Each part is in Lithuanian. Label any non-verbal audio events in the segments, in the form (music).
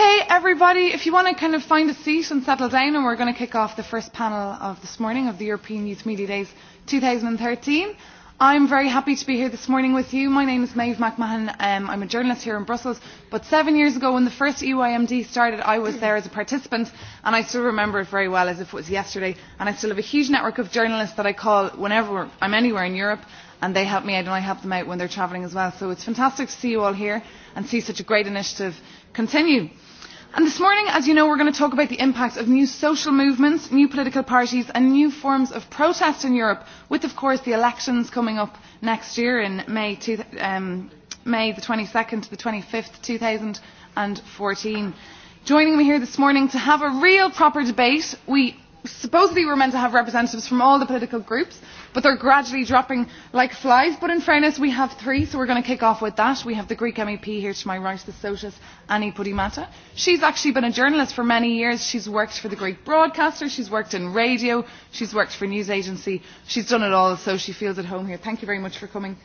Okay, everybody, if you want to kind of find a seat and settle down, and we're going to kick off the first panel of this morning of the European Youth Media Days 2013. I'm very happy to be here this morning with you. My name is Maeve McMahon. Um, I'm a journalist here in Brussels. But seven years ago, when the first EYMD started, I was there as a participant, and I still remember it very well as if it was yesterday. And I still have a huge network of journalists that I call whenever I'm anywhere in Europe, and they help me out, and I help them out when they're travelling as well. So it's fantastic to see you all here and see such a great initiative continue. And this morning, as you know, we're going to talk about the impact of new social movements, new political parties and new forms of protest in Europe, with, of course, the elections coming up next year in May, two, um, May the 22nd to the 25th, 2014. Joining me here this morning to have a real proper debate, we supposedly we were meant to have representatives from all the political groups but they are gradually dropping like flies but in fairness we have three so we are going to kick off with that. we have the greek mep here to my right the socialist anni podimata. she has actually been a journalist for many years she has worked for the greek broadcaster she has worked in radio she has worked for a news agency she has done it all so she feels at home here. thank you very much for coming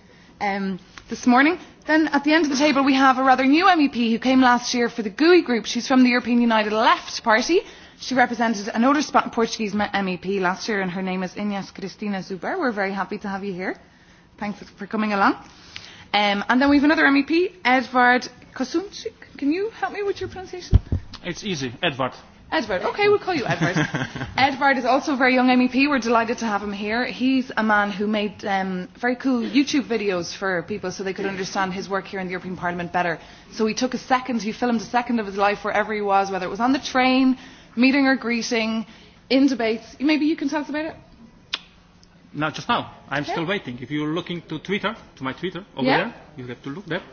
um, this morning. Then at the end of the table we have a rather new MEP who came last year for the GUI group. She's from the European United Left Party She represented another Portuguese MEP last year, and her name is Ines Cristina Zuber. We're very happy to have you here. Thanks for coming along. Um, and then we have another MEP, Edvard Kosunczyk. Can you help me with your pronunciation? It's easy, Edvard. Edward. Okay, we'll call you Edward. (laughs) Edward is also a very young MEP. We're delighted to have him here. He's a man who made um, very cool YouTube videos for people so they could understand his work here in the European Parliament better. So he took a second, he filmed a second of his life wherever he was, whether it was on the train, meeting or greeting in debates. Maybe you can tell us about it. Not just now. I'm yeah. still waiting. If you're looking to Twitter, to my Twitter over yeah. there, you have to look there.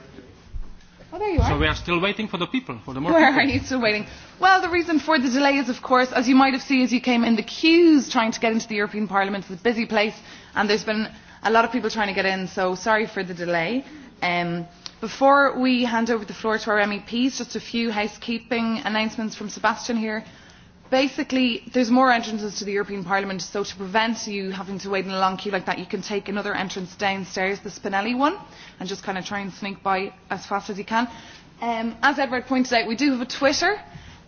Oh, there you are. So we are still waiting for the people, for the more Where people. are (laughs) you still waiting? Well, the reason for the delay is, of course, as you might have seen as you came in the queues trying to get into the European Parliament, it's a busy place, and there's been a lot of people trying to get in, so sorry for the delay. Um, before we hand over the floor to our MEPs, just a few housekeeping announcements from Sebastian here basically there are more entrances to the european parliament so to prevent you having to wait in a long queue like that you can take another entrance downstairs the spinelli one and just kind of try and sneak by as fast as you can. Um, as edward pointed out we do have a twitter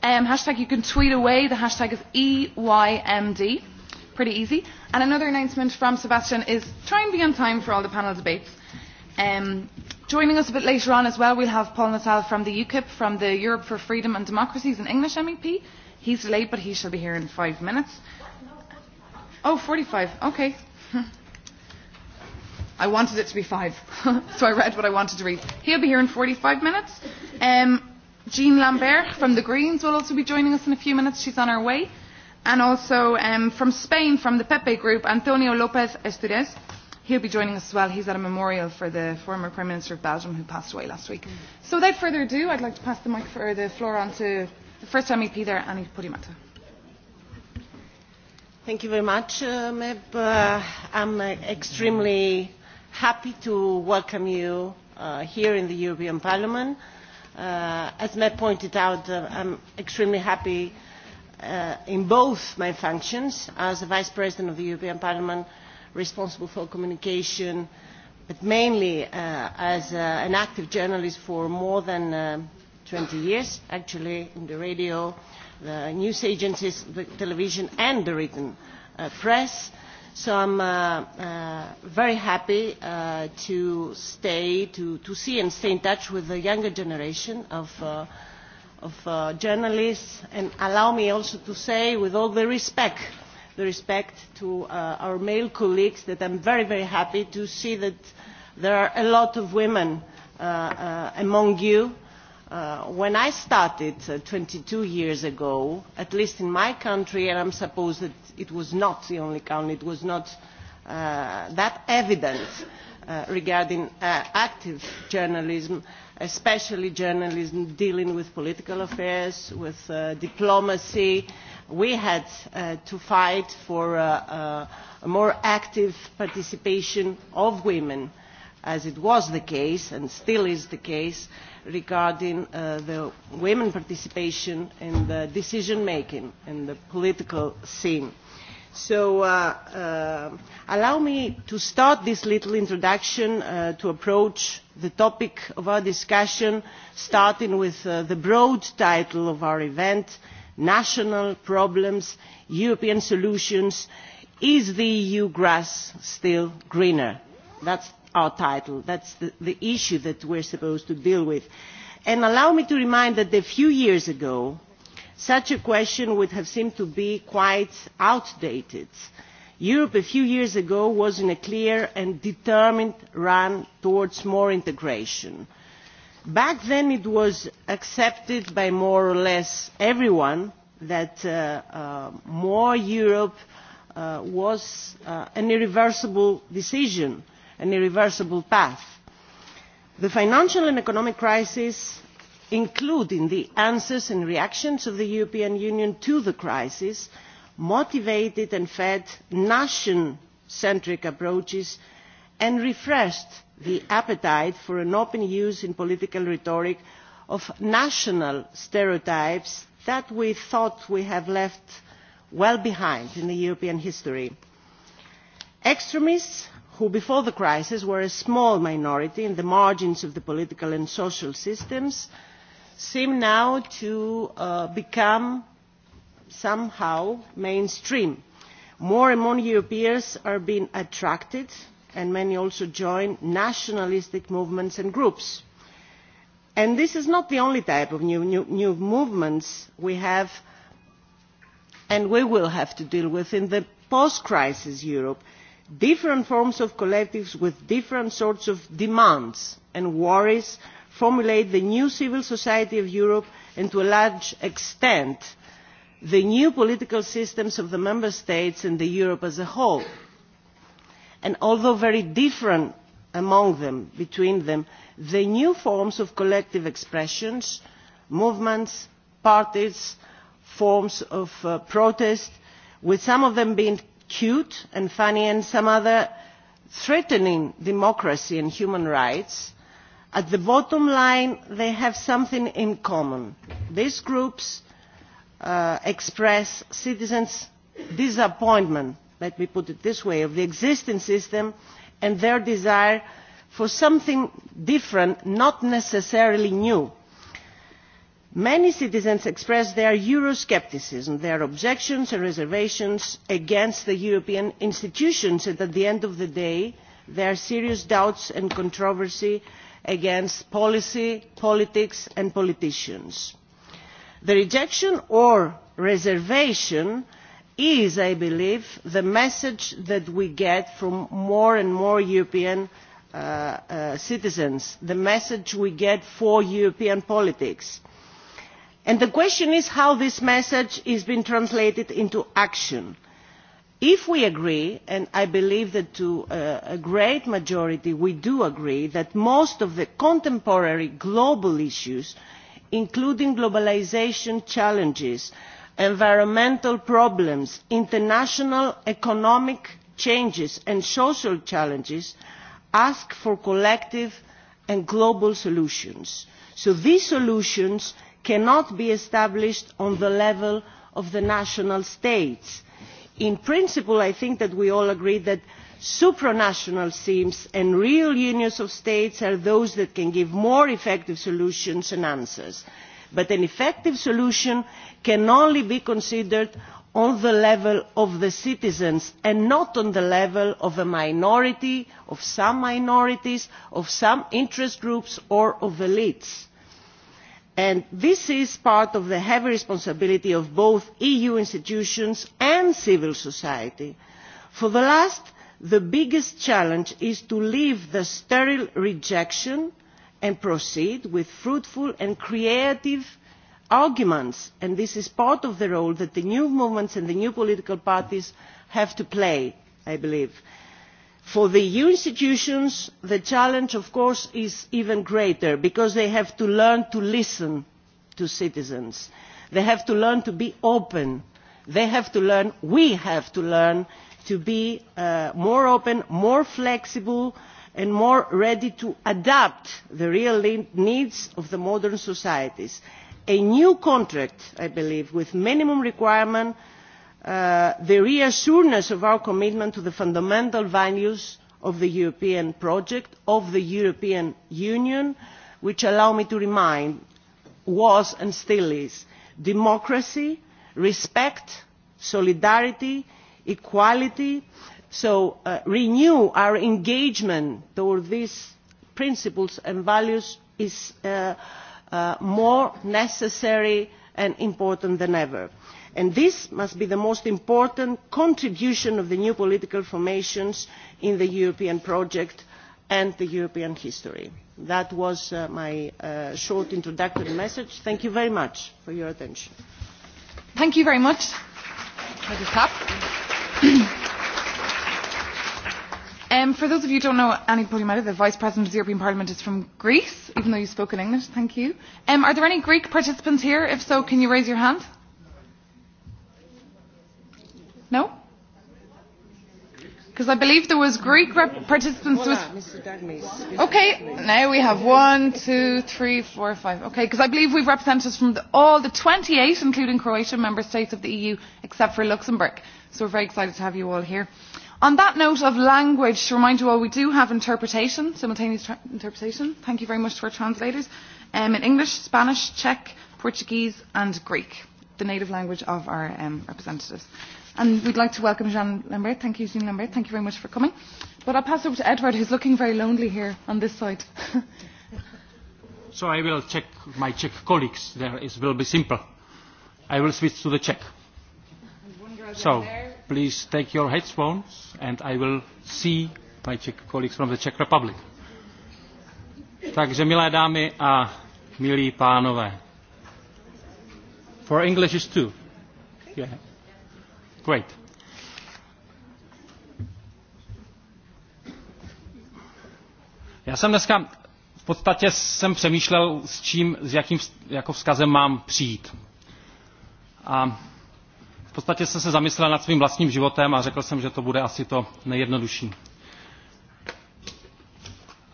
um, hashtag you can tweet away the hashtag is eymd pretty easy and another announcement from sebastian is try and be on time for all the panel debates. Um, joining us a bit later on as well we will have paul nuttall from the ukip from the europe for freedom and democracies an english mep He's late, but he shall be here in five minutes. Oh, 45. Okay. (laughs) I wanted it to be five, (laughs) so I read what I wanted to read. He'll be here in 45 minutes. Um, Jean Lambert from the Greens will also be joining us in a few minutes. She's on her way. And also um, from Spain, from the Pepe Group, Antonio Lopez Estudias. He'll be joining us as well. He's at a memorial for the former Prime Minister of Belgium who passed away last week. Mm. So without further ado, I'd like to pass the, mic for, the floor on to The first MEP there, Annie Podimata. Thank you very much, uh, Meb. Uh, I'm uh, extremely happy to welcome you uh, here in the European Parliament. Uh, as Meb pointed out, uh, I'm extremely happy uh, in both my functions as the Vice President of the European Parliament, responsible for communication, but mainly uh, as uh, an active journalist for more than uh, 20 years, actually, in the radio, the news agencies, the television, and the written uh, press. So I'm uh, uh, very happy uh, to stay, to, to see and stay in touch with the younger generation of, uh, of uh, journalists, and allow me also to say, with all the respect, the respect to uh, our male colleagues, that I'm very, very happy to see that there are a lot of women uh, uh, among you Uh, when I started uh, 22 years ago, at least in my country, and I'm supposed that it was not the only country, it was not uh, that evident uh, regarding uh, active journalism, especially journalism dealing with political affairs, with uh, diplomacy. We had uh, to fight for uh, uh, a more active participation of women uh, as it was the case and still is the case regarding uh, the women participation in the decision making in the political scene. So uh, uh, allow me to start this little introduction uh, to approach the topic of our discussion, starting with uh, the broad title of our event, National Problems, European Solutions, Is the EU Grass Still Greener? That's our title. That's the, the issue that we're supposed to deal with. And allow me to remind that a few years ago, such a question would have seemed to be quite outdated. Europe a few years ago was in a clear and determined run towards more integration. Back then it was accepted by more or less everyone that uh, uh, more Europe uh, was uh, an irreversible decision an irreversible path. the financial and economic crisis including the answers and reactions of the european union to the crisis motivated and fed nation centric approaches and refreshed the appetite for an open use in political rhetoric of national stereotypes that we thought we had left well behind in european history. extremists who before the crisis were a small minority in the margins of the political and social systems seem now to uh, become somehow mainstream. more and more europeans are being attracted and many also join nationalistic movements and groups. and this is not the only type of new, new, new movements we have and we will have to deal with in the post crisis europe different forms of collectives with different sorts of demands and worries formulate the new civil society of europe and to a large extent the new political systems of the member states and europe as a whole. And although very different among them between them the new forms of collective expressions movements parties forms of uh, protest with some of them being cute and funny and some other threatening democracy and human rights, at the bottom line they have something in common. These groups uh, express citizens' disappointment, let me put it this way, of the existing system and their desire for something different, not necessarily new many citizens expressed their euroscepticism their objections and reservations against the european institutions and at the end of the day their serious doubts and controversy against policy politics and politicians. the rejection or reservation is i believe the message that we get from more and more european uh, uh, citizens the message we get for european politics And the question is how this message is being translated into action. if we agree and i believe that to uh, a great majority we do agree that most of the contemporary global issues including globalisation challenges environmental problems international economic changes and social challenges ask for collective and global solutions. so these solutions cannot be established on the level of the national states. in principle i think that we all agree that supranational schemes and real unions of states are those that can give more effective solutions and answers but an effective solution can only be considered on the level of the citizens and not on the level of a minority of some minorities of some interest groups or of elites and this is part of the heavy responsibility of both eu institutions and civil society. for the last the biggest challenge is to leave the sterile rejection and proceed with fruitful and creative arguments and this is part of the role that the new movements and the new political parties have to play i believe for the eu institutions the challenge of course is even greater because they have to learn to listen to citizens they have to learn to be open they have to learn we have to learn to be uh, more open more flexible and more ready to adapt to the real needs of the modern societies. a new contract i believe with minimum requirements uh, the reassurance of our commitment to the fundamental values of the European project, of the European Union, which allow me to remind was and still is democracy, respect, solidarity, equality. So uh, renew our engagement toward these principles and values is uh, uh, more necessary and important than ever and this must be the most important contribution of the new political formations in the european project and european history. that was uh, my uh, short introductory message. thank you very much for your attention. thank you very much. (coughs) Um, for those of you who don't know Annie Podimata, the Vice President of the European Parliament is from Greece, even though you spoke in English. Thank you. Um, are there any Greek participants here? If so, can you raise your hand? No? Because I believe there was Greek rep- participants. Was... Okay, now we have one, two, three, four, five. Okay, because I believe we've representatives from the, all the 28, including Croatia, member states of the EU, except for Luxembourg. So we're very excited to have you all here. On that note of language, to remind you all, we do have interpretation, simultaneous tra- interpretation. Thank you very much to our translators um, in English, Spanish, Czech, Portuguese, and Greek, the native language of our um, representatives. And we'd like to welcome Jean Lambert. Thank you, Jean Lambert. Thank you very much for coming. But I'll pass over to Edward, who's looking very lonely here on this side. (laughs) so I will check my Czech colleagues. There it will be simple. I will switch to the Czech. So please take your headphones, and I will see my Czech colleagues from the Czech Republic. Takže milé dámy a milí pánové. For English is two. Yeah. Great. Já jsem dneska v podstatě jsem přemýšlel, s čím, s jakým jako vzkazem mám přijít. A v podstatě jsem se zamyslel nad svým vlastním životem a řekl jsem, že to bude asi to nejjednodušší.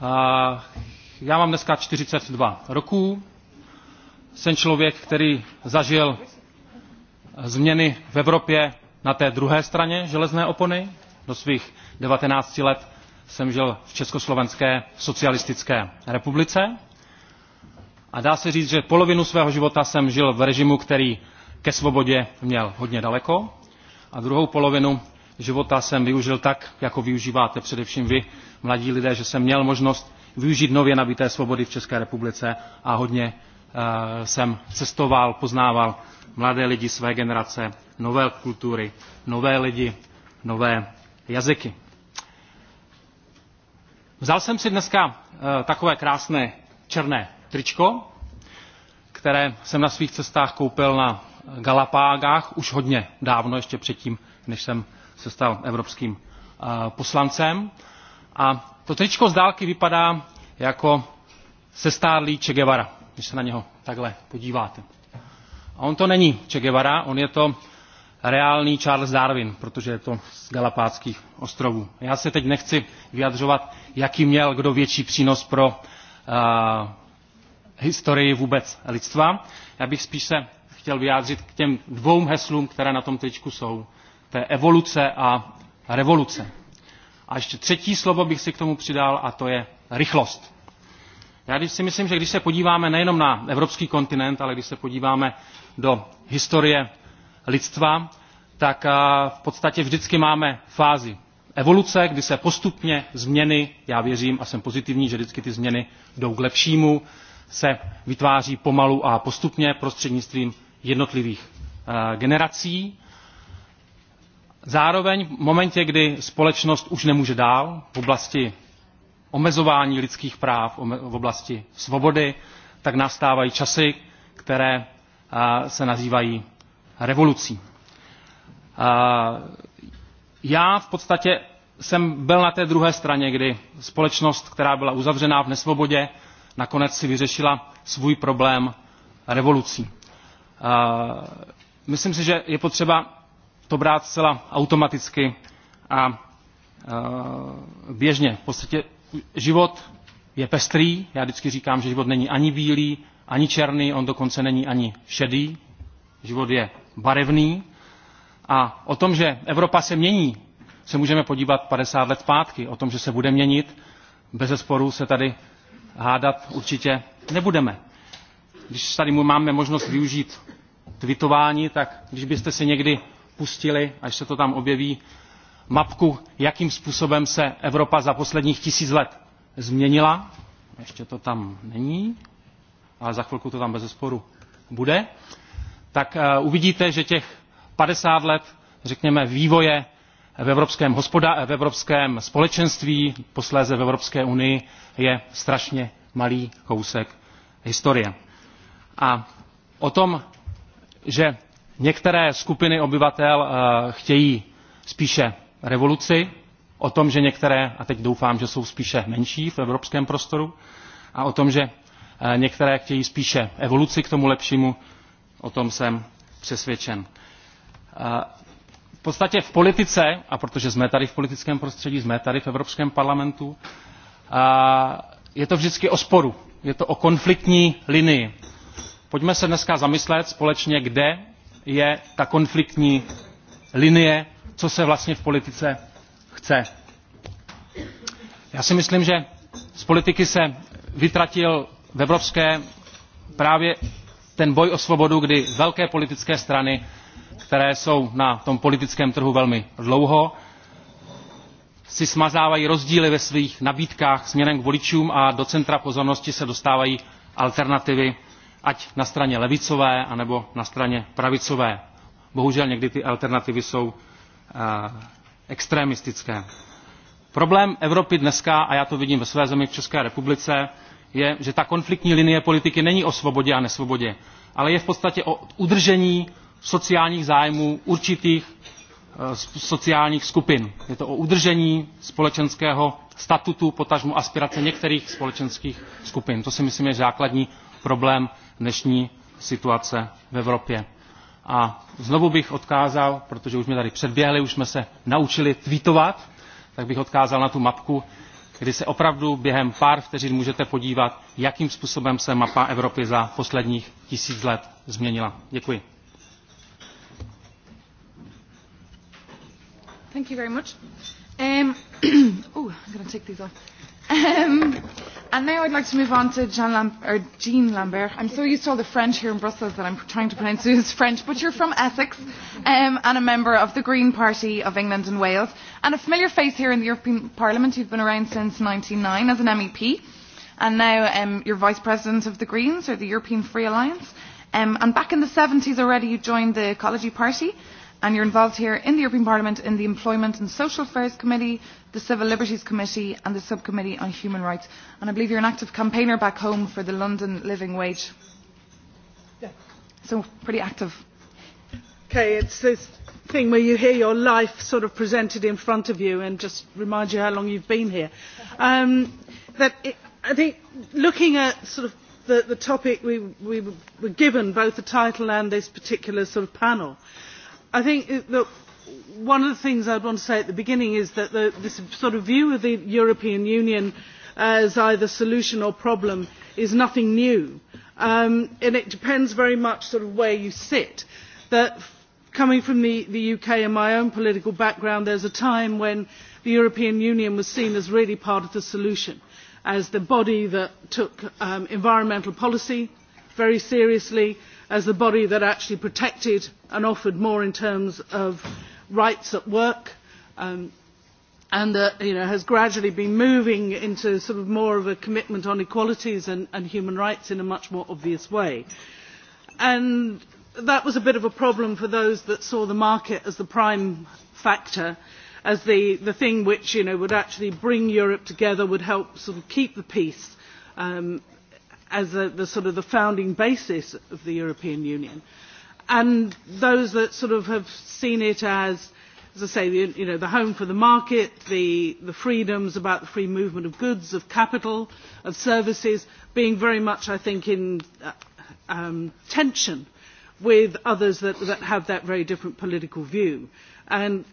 A já mám dneska 42 roků, jsem člověk, který zažil změny v Evropě na té druhé straně železné opony do svých devatenácti let jsem žil v československé socialistické republice a dá se říct že polovinu svého života jsem žil v režimu který ke svobodě měl hodně daleko a druhou polovinu života jsem využil tak jako využíváte především vy mladí lidé že jsem měl možnost využít nově nabité svobody v české republice a hodně Eh, jsem cestoval, poznával mladé lidi své generace, nové kultury, nové lidi, nové jazyky. Vzal jsem si dneska eh, takové krásné černé tričko, které jsem na svých cestách koupil na Galapágách už hodně dávno, ještě předtím, než jsem se stal evropským eh, poslancem. A to tričko z dálky vypadá jako sestárlý Che Guevara když se na něho takhle podíváte. A on to není Che Guevara, on je to reálný Charles Darwin, protože je to z Galapátských ostrovů. Já se teď nechci vyjadřovat, jaký měl kdo větší přínos pro uh, historii vůbec lidstva. Já bych spíš se chtěl vyjádřit k těm dvou heslům, které na tom tričku jsou. To je evoluce a revoluce. A ještě třetí slovo bych si k tomu přidal a to je rychlost. Já si myslím, že když se podíváme nejenom na evropský kontinent, ale když se podíváme do historie lidstva, tak eh, v podstatě vždycky máme fázi evoluce, kdy se postupně změny, já věřím a jsem pozitivní, že vždycky ty změny jdou k lepšímu, se vytváří pomalu a postupně prostřednictvím jednotlivých eh, generací. Zároveň v momentě, kdy společnost už nemůže dál v oblasti omezování lidských práv v oblasti svobody tak nastávají časy které eh, se nazývají revolucí. Eh, já v podstatě jsem byl na té druhé straně kdy společnost která byla uzavřená v nesvobodě nakonec si vyřešila svůj problém revolucí. Eh, myslím si že je potřeba to brát zcela automaticky a běžně v podstatě život je pestrý, já vždycky říkám, že život není ani bílý, ani černý, on dokonce není ani šedý, život je barevný a o tom, že Evropa se mění, se můžeme podívat 50 let zpátky, o tom, že se bude měnit, bez zesporu se tady hádat určitě nebudeme. Když tady máme možnost využít tweetování, tak když byste si někdy pustili, až se to tam objeví, mapku jakým způsobem se evropa za posledních tisíc let změnila ještě to tam není ale za chvilku to tam bezesporu bude tak eh, uvidíte že těch padesát let řekněme vývoje v evropském, hospoda- v evropském společenství posléze v evropské unii je strašně malý kousek historie. a o tom že některé skupiny obyvatel eh, chtějí spíše revoluci o tom že některé a teď doufám že jsou spíše menší v evropském prostoru a o tom že eh, některé chtějí spíše evoluci k tomu lepšímu o tom jsem přesvědčen. Eh, v podstatě v politice a protože jsme tady v politickém prostředí jsme tady v evropském parlamentu eh, je to vždycky o sporu je to o konfliktní linii. pojďme se dneska zamyslet společně kde je ta konfliktní linie co se vlastně v politice chce. Já si myslím, že z politiky se vytratil v evropské právě ten boj o svobodu, kdy velké politické strany, které jsou na tom politickém trhu velmi dlouho, si smazávají rozdíly ve svých nabídkách směrem k voličům a do centra pozornosti se dostávají alternativy, ať na straně levicové, anebo na straně pravicové. Bohužel někdy ty alternativy jsou Eh, extremistické. Problém Evropy dneska, a já to vidím ve své zemi v České republice, je, že ta konfliktní linie politiky není o svobodě a nesvobodě, ale je v podstatě o udržení sociálních zájmů určitých eh, sociálních skupin. Je to o udržení společenského statutu, potažmu aspirace některých společenských skupin. To si myslím je základní problém dnešní situace v Evropě A znovu bych odkázal, protože už mě tady předběhli, už jsme se naučili tweetovat, tak bych odkázal na tu mapku, kdy se opravdu během pár vteřin můžete podívat, jakým způsobem se mapa Evropy za posledních tisíc let změnila. Děkuji. Thank you very much. Um, (clears throat) oh, I'm going to take these off. Um, and now I'd like to move on to Jean Lam- or Jean Lambert. I'm so used to all the French here in Brussels that I'm trying to pronounce it as French, but you're from Essex um, and a member of the Green Party of England and Wales, and a familiar face here in the European Parliament. You've been around since 1999 as an MEP, and now um, you're Vice President of the Greens, or the European Free Alliance. Um, and back in the 70s already, you joined the Ecology Party and you're involved here in the European Parliament in the Employment and Social Affairs Committee, the Civil Liberties Committee and the Subcommittee on Human Rights. And I believe you're an active campaigner back home for the London Living Wage. Yeah. So pretty active. Okay, it's this thing where you hear your life sort of presented in front of you and just remind you how long you've been here. Um, that it, I think looking at sort of the, the topic we, we were given, both the title and this particular sort of panel, uh, I think look, uh, one of the things I'd want to say at the beginning is that the, this sort of view of the European Union as either solution or problem is nothing new. Um, and it depends very much sort of where you sit. That coming from the, the UK and my own political background, there's a time when the European Union was seen as really part of the solution, as the body that took um, environmental policy very seriously, as the body that actually protected and offered more in terms of rights at work um, and that you know, has gradually been moving into sort of more of a commitment on equalities and, and human rights in a much more obvious way. And that was a bit of a problem for those that saw the market as the prime factor, as the, the thing which you know, would actually bring Europe together, would help sort of keep the peace. Um, as a, the sort of the founding basis of the European Union. And those that sort of have seen it as, as I say, the, you know, the home for the market, the, the freedoms about the free movement of goods, of capital, of services, being very much, I think, in uh, um, tension with others that, that have that very different political view. And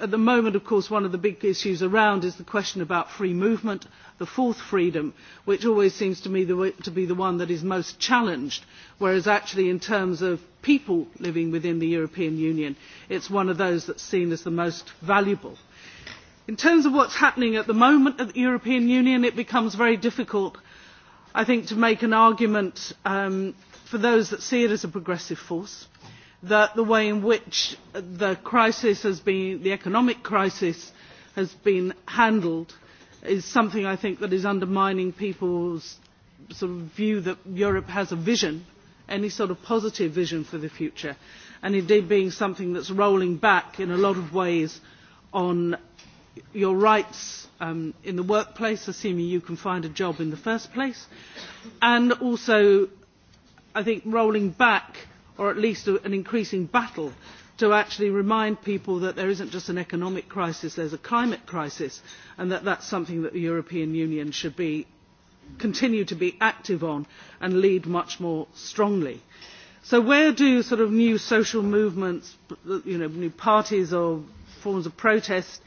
at the moment, of course, one of the big issues around is the question about free movement, the fourth freedom, which always seems to me the way, to be the one that is most challenged, whereas actually in terms of people living within the European Union, it's one of those that's seen as the most valuable. In terms of what's happening at the moment at the European Union, it becomes very difficult, I think, to make an argument um, for those that see it as a progressive force. Uh, that the way in which the crisis has been, the economic crisis has been handled is something I think that is undermining people's sort of view that Europe has a vision, any sort of positive vision for the future, and indeed being something that's rolling back in a lot of ways on your rights um, in the workplace, assuming you can find a job in the first place, and also, I think, rolling back – or at least an increasing battle to actually remind people that there isn't just an economic crisis, there's a climate crisis, and that that's something that the European Union should be, continue to be active on and lead much more strongly. So where do sort of new social movements, you know, new parties or forms of protest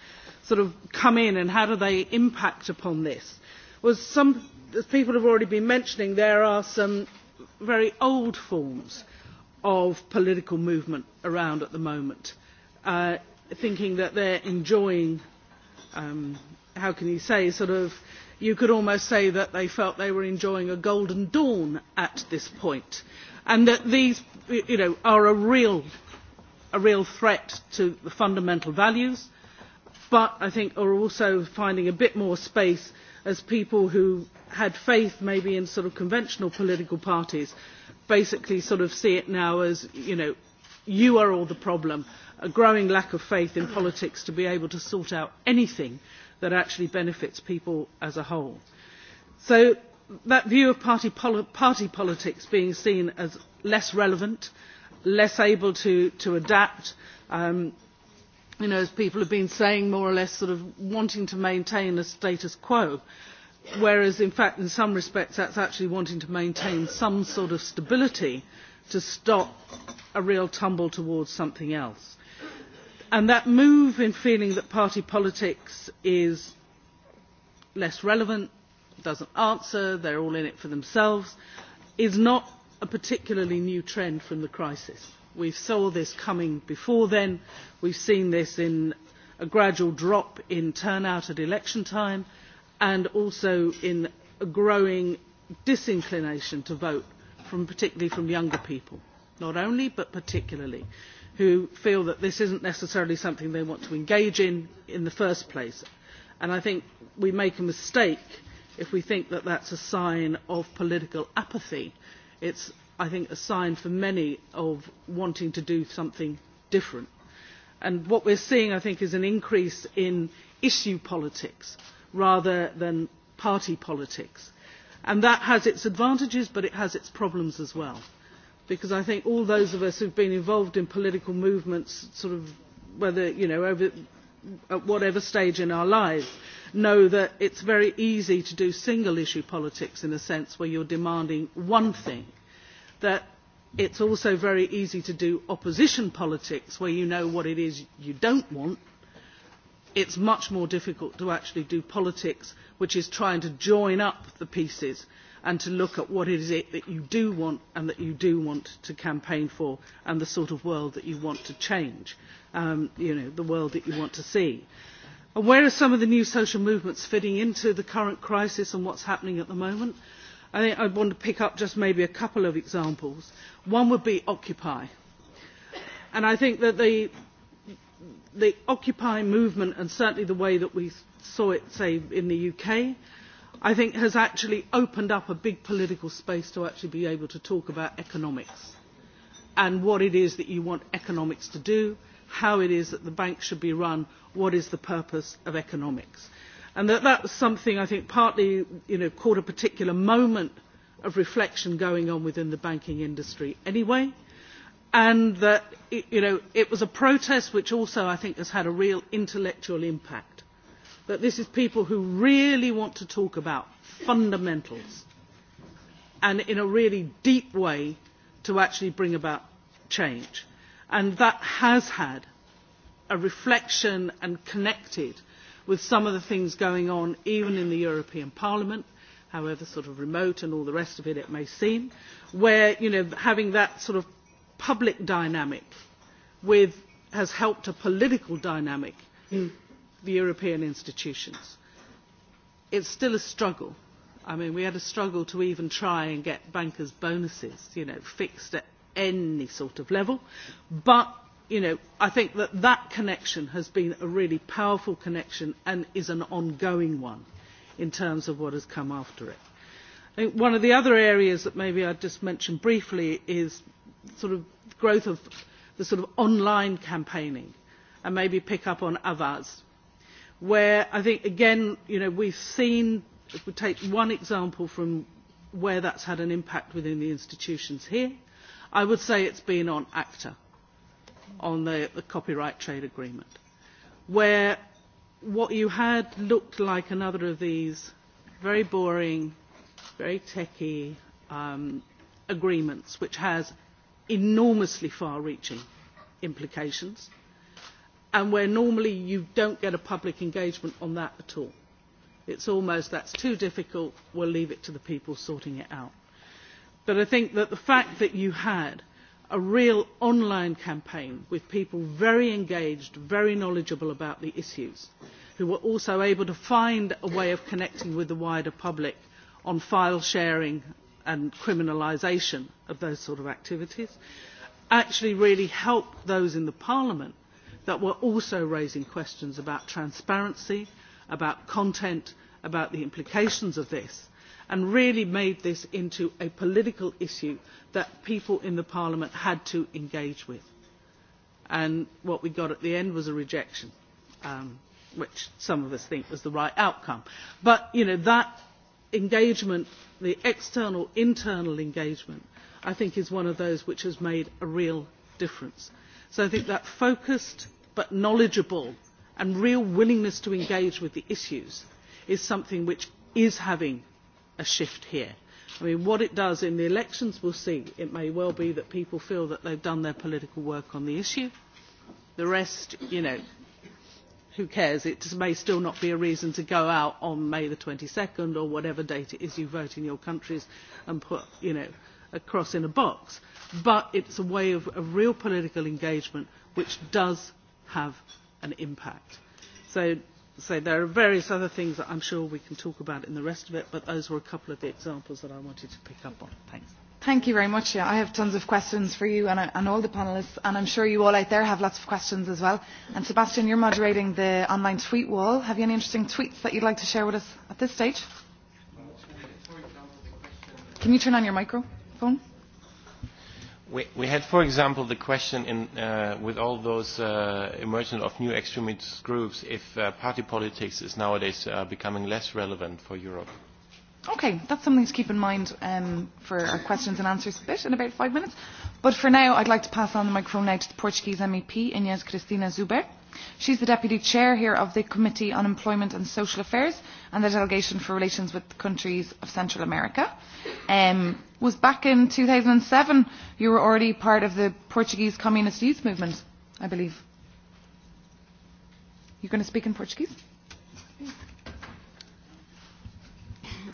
sort of come in and how do they impact upon this? Well, some, as people have already been mentioning, there are some very old forms of political movement around at the moment, uh, thinking that they're enjoying, um, how can you say, sort of, you could almost say that they felt they were enjoying a golden dawn at this point, and that these, you know, are a real, a real threat to the fundamental values, but I think are also finding a bit more space as people who had faith maybe in sort of conventional political parties basically sort of see it now as, you know, you are all the problem, a growing lack of faith in politics to be able to sort out anything that actually benefits people as a whole. So that view of party, pol- party politics being seen as less relevant, less able to, to adapt, um, you know, as people have been saying, more or less sort of wanting to maintain a status quo, whereas in fact in some respects that's actually wanting to maintain some sort of stability to stop a real tumble towards something else. And that move in feeling that party politics is less relevant, doesn't answer, they're all in it for themselves, is not a particularly new trend from the crisis We saw this coming before then. We've seen this in a gradual drop in turnout at election time and also in a growing disinclination to vote, from, particularly from younger people, not only but particularly, who feel that this isn't necessarily something they want to engage in in the first place. And I think we make a mistake if we think that that's a sign of political apathy. It's I think, a sign for many of wanting to do something different. And what we're seeing, I think, is an increase in issue politics rather than party politics. And that has its advantages, but it has its problems as well. Because I think all those of us who've been involved in political movements, sort of, whether, you know, over, at whatever stage in our lives, know that it's very easy to do single issue politics in a sense where you're demanding one thing – that it's also very easy to do opposition politics where you know what it is you don't want. It's much more difficult to actually do politics which is trying to join up the pieces and to look at what is it that you do want and that you do want to campaign for and the sort of world that you want to change, um, you know, the world that you want to see. And where are some of the new social movements fitting into the current crisis and what's happening at the moment? Uh, I think I want to pick up just maybe a couple of examples. One would be Occupy. And I think that the, the Occupy movement, and certainly the way that we saw it, say, in the UK, I think has actually opened up a big political space to actually be able to talk about economics and what it is that you want economics to do, how it is that the bank should be run, what is the purpose of economics. Uh, And that that was something I think partly you know, caught a particular moment of reflection going on within the banking industry anyway. And that you know, it was a protest which also I think has had a real intellectual impact. That this is people who really want to talk about fundamentals and in a really deep way to actually bring about change. And that has had a reflection and connected – with some of the things going on even in the European Parliament, however sort of remote and all the rest of it it may seem, where you know, having that sort of public dynamic with, has helped a political dynamic in the European institutions. It's still a struggle. I mean, we had a struggle to even try and get bankers' bonuses, you know, fixed at any sort of level. But you know, I think that that connection has been a really powerful connection and is an ongoing one in terms of what has come after it. I think one of the other areas that maybe I'd just mention briefly is sort of growth of the sort of online campaigning and maybe pick up on others where I think again you know we've seen if we take one example from where that's had an impact within the institutions here I would say it's been on ACTA on the, the copyright trade agreement, where what you had looked like another of these very boring, very techy um, agreements, which has enormously far-reaching implications, and where normally you don't get a public engagement on that at all. It's almost, that's too difficult, we'll leave it to the people sorting it out. But I think that the fact that you had a real online campaign with people very engaged, very knowledgeable about the issues, who were also able to find a way of connecting with the wider public on file sharing and criminalisation of those sort of activities, actually really helped those in the Parliament that were also raising questions about transparency, about content, about the implications of this, and really made this into a political issue that people in the parliament had to engage with. And what we got at the end was a rejection, um, which some of us think was the right outcome. But, you know, that engagement, the external, internal engagement, I think is one of those which has made a real difference. So I think that focused but knowledgeable and real willingness to engage with the issues is something which is having a shift here. I mean, what it does in the elections, we'll see. It may well be that people feel that they've done their political work on the issue. The rest, you know, who cares? It may still not be a reason to go out on May the 22nd or whatever date it is you vote in your countries and put, you know, a cross in a box. But it's a way of, of real political engagement which does have an impact. So say there are various other things that I'm sure we can talk about in the rest of it, but those were a couple of the examples that I wanted to pick up on. Thanks. Thank you very much. Yeah, I have tons of questions for you and, and all the panellists, and I'm sure you all out there have lots of questions as well. And Sebastian, you're moderating the online tweet wall. Have you any interesting tweets that you'd like to share with us at this stage? Can you turn on your microphone? We, we had, for example, the question in, uh, with all those uh, emergence of new extremist groups if uh, party politics is nowadays uh, becoming less relevant for Europe. Okay, that's something to keep in mind um, for our questions and answers bit in about five minutes. But for now, I'd like to pass on the microphone now to the Portuguese MEP, Inês Cristina Zuber. She is the Deputy Chair here of the Committee on Employment and Social Affairs and the Delegation for Relations with Countries of Central America. Um, was back in 2007, you were already part of the Portuguese Communist Youth Movement, I believe. You're going to speak in Portuguese?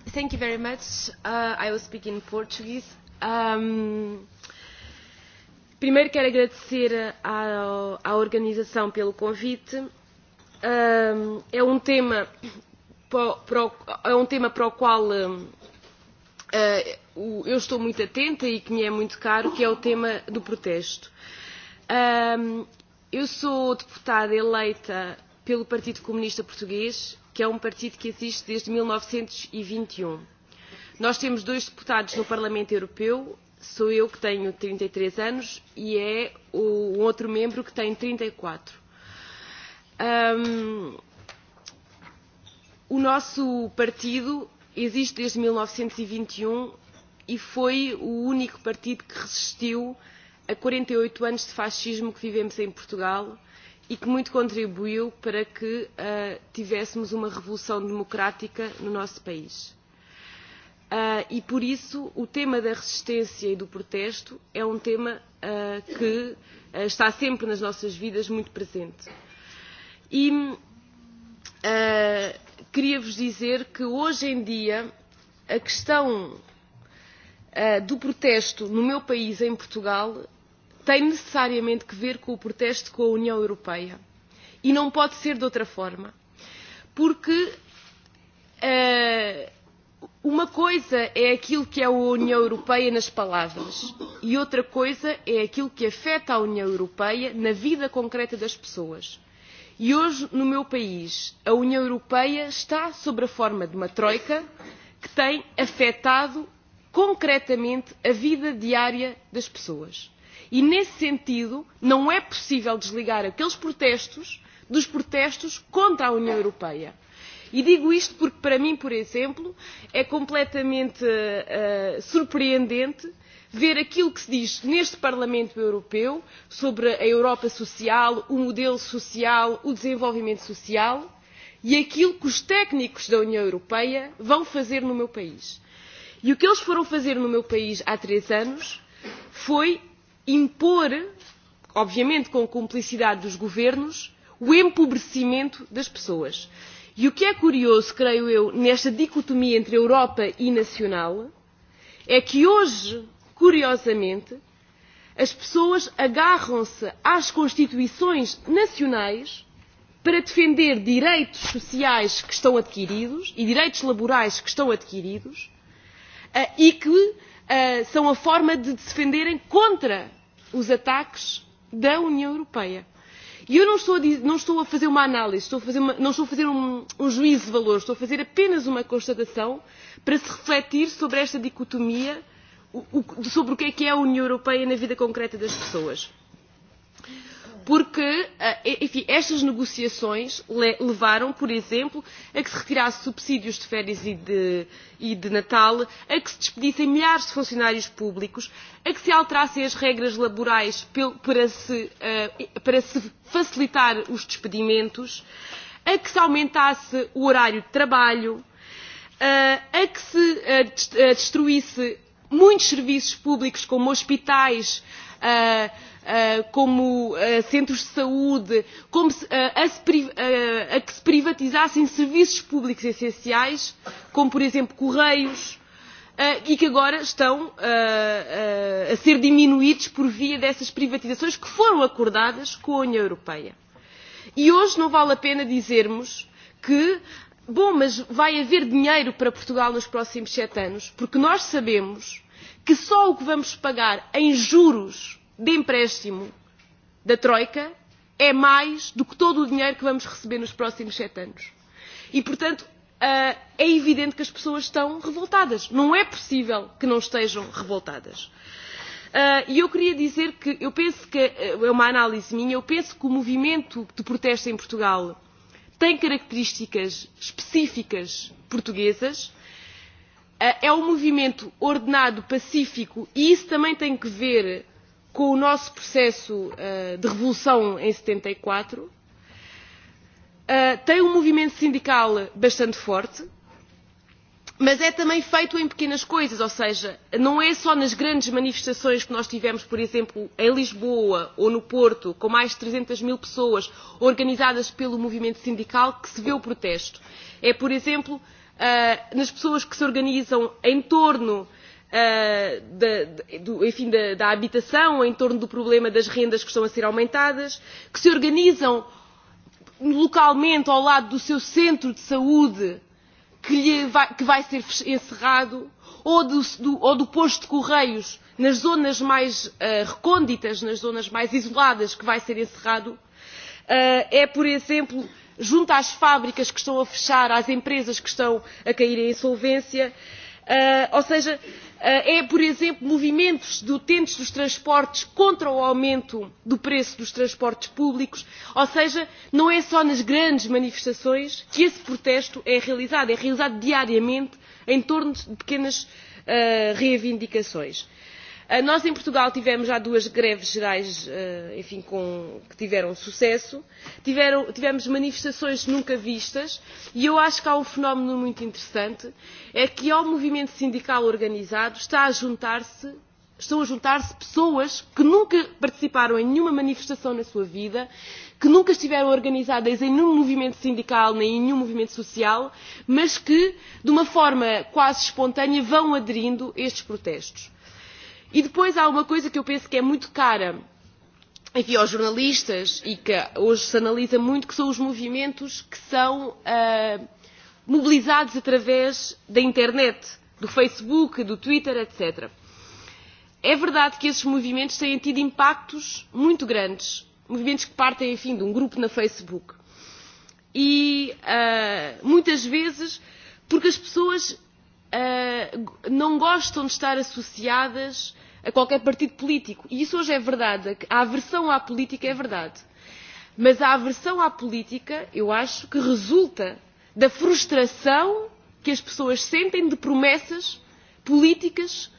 Thank you very much. Uh, I will speak in Portuguese. Um, Primeiro quero agradecer à, à organização pelo convite. Um, é, um tema para, para, é um tema para o qual um, uh, eu estou muito atenta e que me é muito caro, que é o tema do protesto. Um, eu sou deputada eleita pelo Partido Comunista Português, que é um partido que existe desde 1921. E e um. Nós temos dois deputados no Parlamento Europeu, sou eu que tenho 33 e anos e é o um outro membro que tem 34. E um, o nosso partido existe desde 1921 e, um e foi o único partido que resistiu a 48 anos de fascismo que vivemos em Portugal e que muito contribuiu para que uh, tivéssemos uma revolução democrática no nosso país Uh, e por isso o tema da resistência e do protesto é um tema uh, que uh, está sempre nas nossas vidas muito presente. E uh, queria vos dizer que hoje em dia a questão uh, do protesto no meu país, em Portugal, tem necessariamente que ver com o protesto com a União Europeia. E não pode ser de outra forma. Porque uh, Uma coisa é aquilo que é a União Europeia nas palavras e outra coisa é aquilo que afeta a União Europeia na vida concreta das pessoas. E hoje, no meu país, a União Europeia está sob a forma de uma troika que tem afetado concretamente a vida diária das pessoas. E, nesse sentido, não é possível desligar aqueles protestos dos protestos contra a União Europeia E digo isto porque, para mim, por exemplo, é completamente uh, surpreendente ver aquilo que se diz neste Parlamento Europeu sobre a Europa social, o modelo social, o desenvolvimento social e aquilo que os técnicos da União Europeia vão fazer no meu país. E o que eles foram fazer no meu país há três anos foi impor, obviamente com cumplicidade dos governos, o empobrecimento das pessoas. E o que é curioso, creio eu, nesta dicotomia entre Europa e nacional, é que hoje, curiosamente, as pessoas agarram-se às constituições nacionais para defender direitos sociais que estão adquiridos e direitos laborais que estão adquiridos eh, e que eh, são a forma de defenderem contra os ataques da União Europeia. E eu não estou, a, não estou a fazer uma análise, estou a fazer uma, não estou a fazer um, um juízo de valor, estou a fazer apenas uma constatação para se refletir sobre esta dicotomia, o, o, sobre o que é que é a União Europeia na vida concreta das pessoas porque eh, e, enfim, estas negociações levaram, por exemplo, a que se retirasse subsídios de férias e de, e de Natal, a que se despedissem milhares de funcionários públicos, a que se alterassem as regras laborais para se, eh, e, para se facilitar os despedimentos, a que se aumentasse o horário de trabalho, eh, a que se destruísse muitos serviços públicos como hospitais, a, a, como a, centros de saúde, como se, a, a, se, a, a que se privatizassem serviços públicos essenciais, como por exemplo correios, Uh, e que agora estão uh, uh, a ser diminuídos por via dessas privatizações que foram acordadas com a União Europeia. E hoje não vale a pena dizermos que, bom, mas vai haver dinheiro para Portugal nos próximos sete anos, porque nós sabemos que só o que vamos pagar em juros de empréstimo da Troika é mais do que todo o dinheiro que vamos receber nos próximos sete anos. E, portanto, eh, é evidente que as pessoas estão revoltadas. Não é possível que não estejam revoltadas. Eh, e eu queria dizer que eu penso que eh, é uma análise minha, eu penso que o movimento de protesto em Portugal tem características específicas portuguesas é um movimento ordenado, pacífico, e isso também tem que ver com o nosso processo eh, de revolução em 74. E eh, tem um movimento sindical bastante forte, mas é também feito em pequenas coisas, ou seja, não é só nas grandes manifestações que nós tivemos, por exemplo, em Lisboa ou no Porto, com mais de 300 mil pessoas organizadas pelo movimento sindical, que se vê o protesto. É, por exemplo, uh, nas pessoas que se organizam em torno uh, da, do, enfim, da, da habitação, em torno do problema das rendas que estão a ser aumentadas, que se organizam localmente ao lado do seu centro de saúde que, lhe vai, que vai ser encerrado, ou do, do, ou do posto de correios nas zonas mais uh, recônditas, nas zonas mais isoladas que vai ser encerrado, uh, é, por exemplo, junto às fábricas que estão a fechar, às empresas que estão a cair em insolvência. Uh, ou seja, uh, é, por exemplo, movimentos de utentes dos transportes contra o aumento do preço dos transportes públicos. Ou seja, não é só nas grandes manifestações que esse protesto é realizado, é realizado diariamente em torno de pequenas uh, reivindicações. Uh, Eh, nós, em Portugal, tivemos já duas greves gerais eh, enfim, com, que tiveram sucesso. Tiveram, tivemos manifestações nunca vistas e eu acho que há um fenómeno muito interessante. É que ao movimento sindical organizado está a juntar-se estão a juntar-se pessoas que nunca participaram em nenhuma manifestação na sua vida, que nunca estiveram organizadas em nenhum movimento sindical nem em nenhum movimento social, mas que, de uma forma quase espontânea, vão aderindo a estes protestos E depois há uma coisa que eu penso que é muito cara, enfim, aos jornalistas e que hoje se analisa muito, que são os movimentos que são uh, mobilizados através da internet, do Facebook, do Twitter, etc. É verdade que esses movimentos têm tido impactos muito grandes, movimentos que partem, enfim, de um grupo na Facebook. E uh, muitas vezes porque as pessoas uh, não gostam de estar associadas a qualquer partido político. E isso hoje é verdade. A aversão à política é verdade. Mas a aversão à política, eu acho, que resulta da frustração que as pessoas sentem de promessas políticas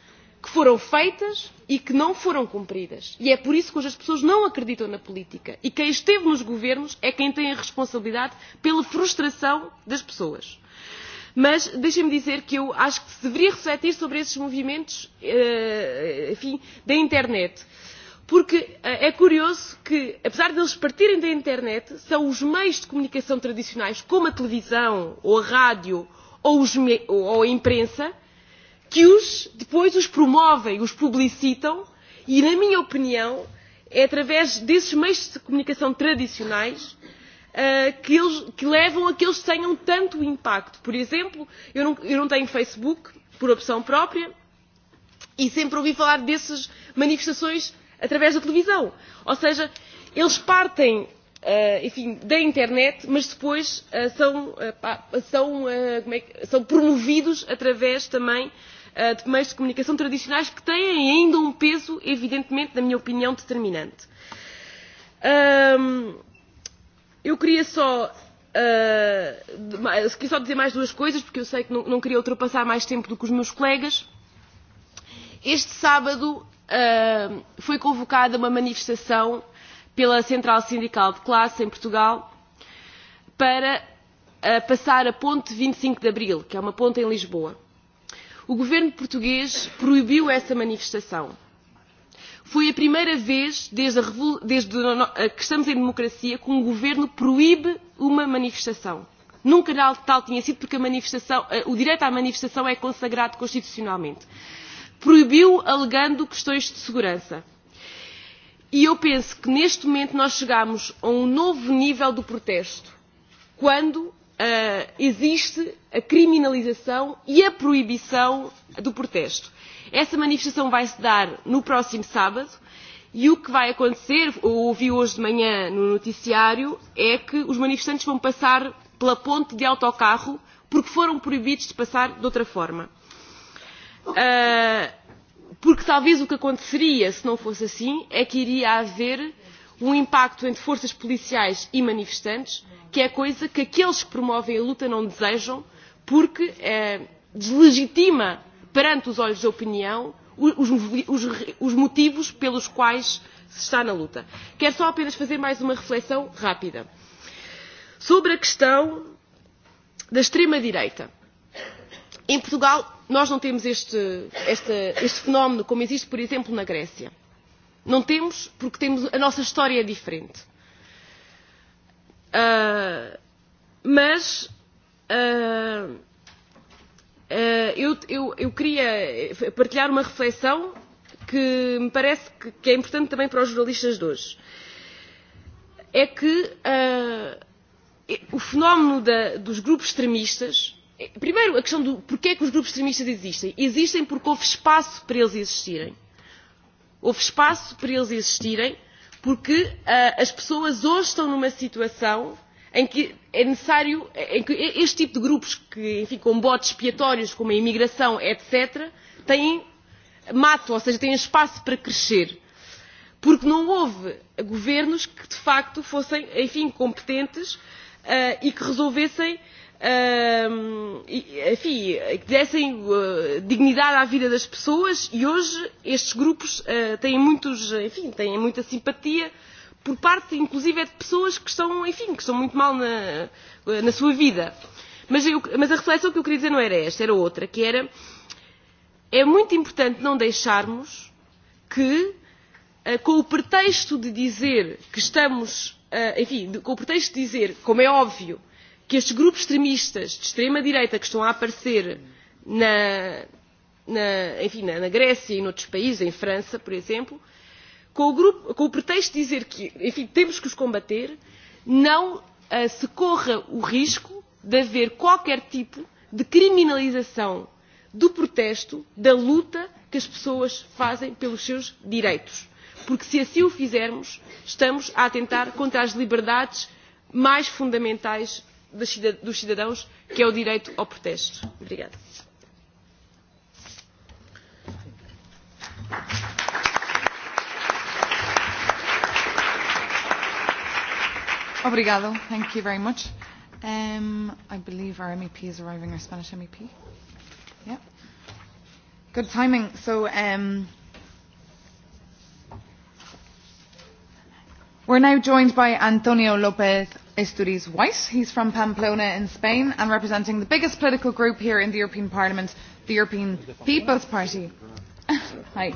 que foram feitas e que não foram cumpridas. E é por isso que hoje as pessoas não acreditam na política. E quem esteve nos governos é quem tem a responsabilidade pela frustração das pessoas. Uh, mas deixem me dizer que eu acho que se deveria refletir sobre esses movimentos eh, enfim, da internet porque eh, é curioso que apesar deles de partirem da internet são os meios de comunicação tradicionais como a televisão ou a rádio ou, os, ou a imprensa que os, depois os promovem, os publicitam e na minha opinião é através desses meios de comunicação tradicionais Eh, que, eles, que levam a que eles tenham tanto impacto. Por exemplo, eu não, eu não tenho Facebook, por opção própria, e sempre ouvi falar dessas manifestações através da televisão. Ou seja, eles partem uh, enfim, da internet, mas depois uh, são, uh, pá, são, uh, como é que, são promovidos através também uh, de meios de comunicação tradicionais que têm ainda um peso, evidentemente, na minha opinião, determinante. Um, Eu queria só Uh, queria só dizer mais duas coisas, porque eu sei que não, não queria ultrapassar mais tempo do que os meus colegas. Este sábado uh, foi convocada uma manifestação pela Central Sindical de Classe, em Portugal, para uh, passar a ponte 25 e de Abril, que é uma ponte em Lisboa. O governo português proibiu essa manifestação Foi a primeira vez desde, a, desde a, que estamos em democracia que um governo proíbe uma manifestação. Nunca tal tinha sido porque a manifestação, eh, o direito à manifestação é consagrado constitucionalmente. Proibiu alegando questões de segurança. E eu penso que neste momento nós chegamos a um novo nível do protesto, quando Uh, existe a criminalização e a proibição do protesto essa manifestação vai se dar no próximo sábado e o que vai acontecer ouvi hoje de manhã no noticiário é que os manifestantes vão passar pela ponte de autocarro porque foram proibidos de passar de outra forma. Uh, porque talvez o que aconteceria se não fosse assim é que iria haver um impacto entre forças policiais e manifestantes, que é coisa que aqueles que promovem a luta não desejam, porque eh, deslegitima perante os olhos da opinião os, os, os motivos pelos quais se está na luta. Quero só apenas fazer mais uma reflexão rápida sobre a questão da extrema-direita. Em Portugal, nós não temos este, este, este fenómeno como existe, por exemplo, na Grécia. Não temos porque temos, a nossa história é diferente. Uh, mas uh, Eh, eu, eu, eu queria eh, partilhar uma reflexão que me parece que, que é importante também para os jornalistas de hoje. É que uh, o fenómeno da, dos grupos extremistas. Primeiro, a questão do porquê é que os grupos extremistas existem. Existem porque houve espaço para eles existirem. Houve espaço para eles existirem porque uh, as pessoas hoje estão numa situação uh, em que é necessário em que este tipo de grupos que enfim, com botes expiatórios, como a imigração, etc., têm mato, ou seja, têm espaço para crescer. Porque não houve governos que de facto fossem, enfim, competentes uh, e que resolvessem, uh, e, enfim, e que dessem uh, dignidade à vida das pessoas e hoje estes grupos uh, têm, muitos, enfim, têm muita simpatia uh, por parte, inclusive, de pessoas que estão, enfim, que estão muito mal na, na sua vida. Mas, eu, mas a reflexão que eu queria dizer não era esta, era outra, que era é muito importante não deixarmos que, eh, com o pretexto de dizer que estamos, eh, enfim, com o pretexto de dizer, como é óbvio, que estes grupos extremistas de extrema-direita que estão a aparecer na, na, enfim, na, na Grécia e noutros países, em França, por exemplo, uh, com o, grupo, com o pretexto de dizer que enfim, temos que os combater, não uh, se corra o risco de haver qualquer tipo de criminalização do protesto, da luta que as pessoas fazem pelos seus direitos. Porque se assim o fizermos, estamos a atentar contra as liberdades mais fundamentais dos cidadãos, que é o direito ao protesto. Obrigada. Obrigado. Thank you very much. Um, I believe our MEP is arriving, our Spanish MEP. Yeah. Good timing. So um, we're now joined by Antonio Lopez Esturiz Weiss. He's from Pamplona in Spain and representing the biggest political group here in the European Parliament, the European People's Party. (laughs) Hi.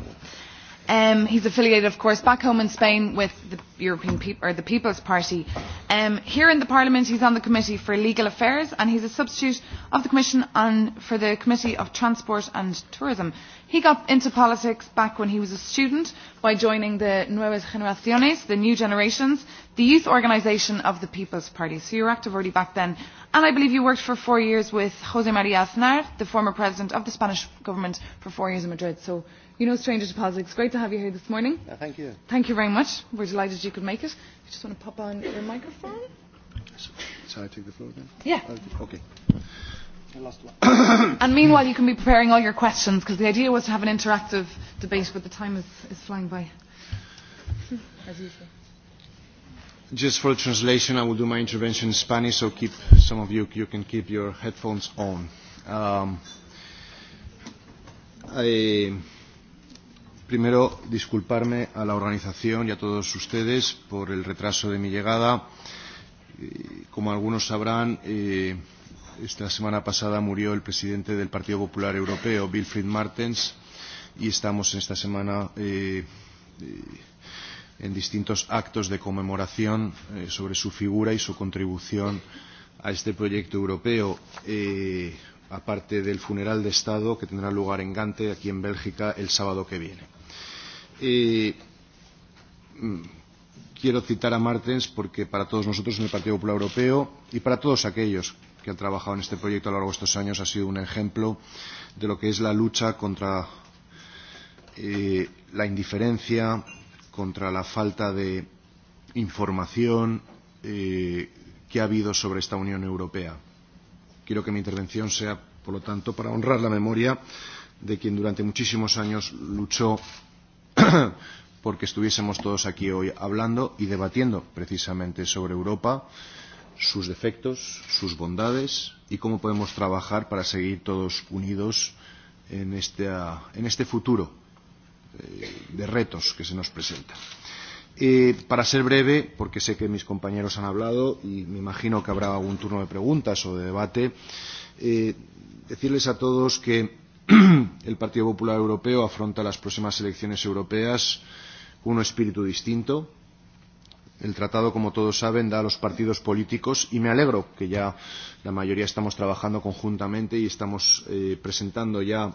Um, he's affiliated, of course, back home in Spain with the European Pe- or the People's Party. Um, here in the Parliament, he's on the Committee for Legal Affairs, and he's a substitute of the Commission on, for the Committee of Transport and Tourism. He got into politics back when he was a student by joining the Nuevas Generaciones, the New Generations, the youth organisation of the People's Party. So you were active already back then, and I believe you worked for four years with Jose Maria Aznar, the former president of the Spanish government, for four years in Madrid. So You know Stranger to Politics. Great to have you here this morning. Yeah, thank you. Thank you very much. We're delighted you could make it. I just want to pop on your microphone. So, so I take the floor then? Yeah. Okay. (coughs) and meanwhile, you can be preparing all your questions because the idea was to have an interactive debate, but the time is, is flying by. (laughs) As usual. Just for translation, I will do my intervention in Spanish, so keep some of you you can keep your headphones on. Um, I, Primero, disculparme a la organización y a todos ustedes por el retraso de mi llegada. Eh, como algunos sabrán, eh, esta semana pasada murió el presidente del Partido Popular Europeo, Wilfried Martens, y estamos esta semana eh, eh, en distintos actos de conmemoración eh, sobre su figura y su contribución a este proyecto europeo. Eh, aparte del funeral de Estado que tendrá lugar en Gante, aquí en Bélgica, el sábado que viene. Eh, mm, quiero citar a Martens porque para todos nosotros en el Partido Popular Europeo y para todos aquellos que han trabajado en este proyecto a lo largo de estos años ha sido un ejemplo de lo que es la lucha contra eh, la indiferencia, contra la falta de información eh, que ha habido sobre esta Unión Europea. Quiero que mi intervención sea, por lo tanto, para honrar la memoria de quien durante muchísimos años luchó (coughs) porque estuviésemos todos aquí hoy hablando y debatiendo precisamente sobre Europa, sus defectos, sus bondades y cómo podemos trabajar para seguir todos unidos en, esta, en este futuro eh, de retos que se nos presentan. Eh, para ser breve, porque sé que mis compañeros han hablado y me imagino que habrá algún turno de preguntas o de debate, eh, decirles a todos que (clears throat) el Partido Popular Europeo afronta las próximas elecciones europeas con un espíritu distinto. El tratado, como todos saben, da a los partidos políticos y me alegro que ya la mayoría estamos trabajando conjuntamente y estamos eh, presentando ya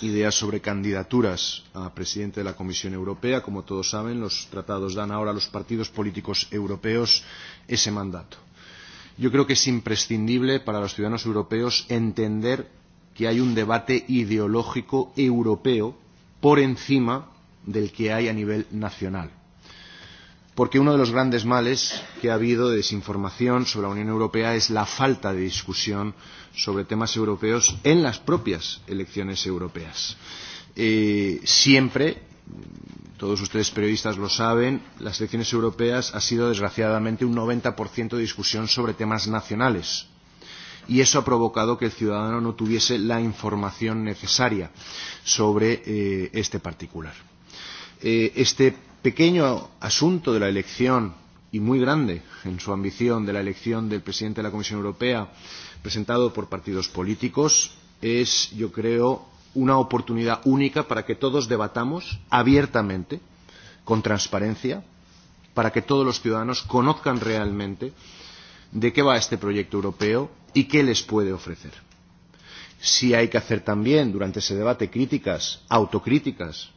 ideas sobre candidaturas a presidente de la Comisión Europea. Como todos saben, los tratados dan ahora a los partidos políticos europeos ese mandato. Yo creo que es imprescindible para los ciudadanos europeos entender que hay un debate ideológico europeo por encima del que hay a nivel nacional. Porque uno de los grandes males que ha habido de desinformación sobre la Unión Europea es la falta de discusión sobre temas europeos en las propias elecciones europeas. Eh, siempre, todos ustedes periodistas lo saben, las elecciones europeas ha sido desgraciadamente un 90% de discusión sobre temas nacionales y eso ha provocado que el ciudadano no tuviese la información necesaria sobre eh, este particular. Eh, este pequeño asunto de la elección y muy grande en su ambición de la elección del presidente de la Comisión Europea presentado por partidos políticos es, yo creo, una oportunidad única para que todos debatamos abiertamente, con transparencia, para que todos los ciudadanos conozcan realmente de qué va este proyecto europeo y qué les puede ofrecer. Si hay que hacer también durante ese debate críticas, autocríticas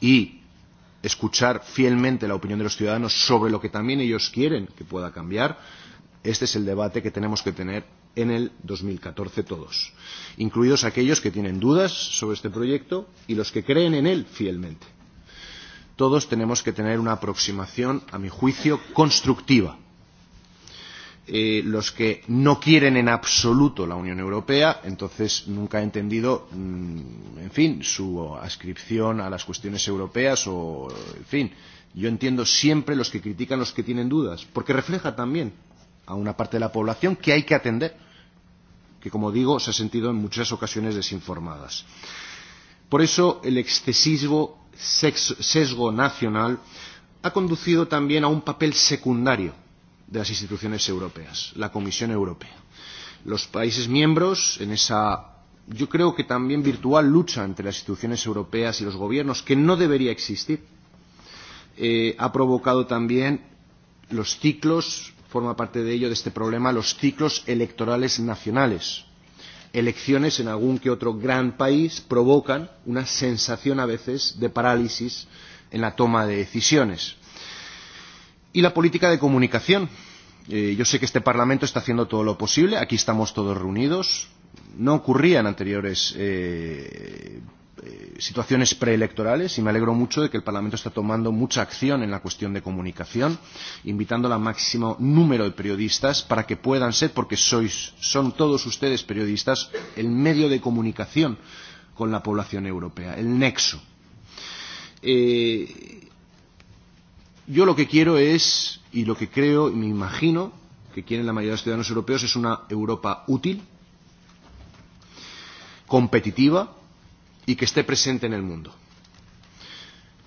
y escuchar fielmente la opinión de los ciudadanos sobre lo que también ellos quieren que pueda cambiar, este es el debate que tenemos que tener en el 2014 todos, incluidos aquellos que tienen dudas sobre este proyecto y los que creen en él fielmente. Todos tenemos que tener una aproximación, a mi juicio, constructiva eh, los que no quieren en absoluto la Unión Europea, entonces nunca he entendido, mm, en fin, su ascripción a las cuestiones europeas o, en fin, yo entiendo siempre los que critican los que tienen dudas, porque refleja también a una parte de la población que hay que atender, que como digo se ha sentido en muchas ocasiones desinformadas. Por eso el excesivo sesgo nacional ha conducido también a un papel secundario de las instituciones europeas, la Comisión Europea. Los países miembros, en esa, yo creo que también virtual lucha entre las instituciones europeas y los gobiernos, que no debería existir, eh, ha provocado también los ciclos, forma parte de ello, de este problema, los ciclos electorales nacionales. Elecciones en algún que otro gran país provocan una sensación a veces de parálisis en la toma de decisiones y la política de comunicación. Eh, yo sé que este Parlamento está haciendo todo lo posible. Aquí estamos todos reunidos. No ocurrían anteriores eh, eh, situaciones preelectorales y me alegro mucho de que el Parlamento está tomando mucha acción en la cuestión de comunicación, invitando al máximo número de periodistas para que puedan ser, porque sois, son todos ustedes periodistas, el medio de comunicación con la población europea, el nexo. Eh, Yo lo que quiero es, y lo que creo y me imagino que quieren la mayoría de los ciudadanos europeos, es una Europa útil, competitiva y que esté presente en el mundo.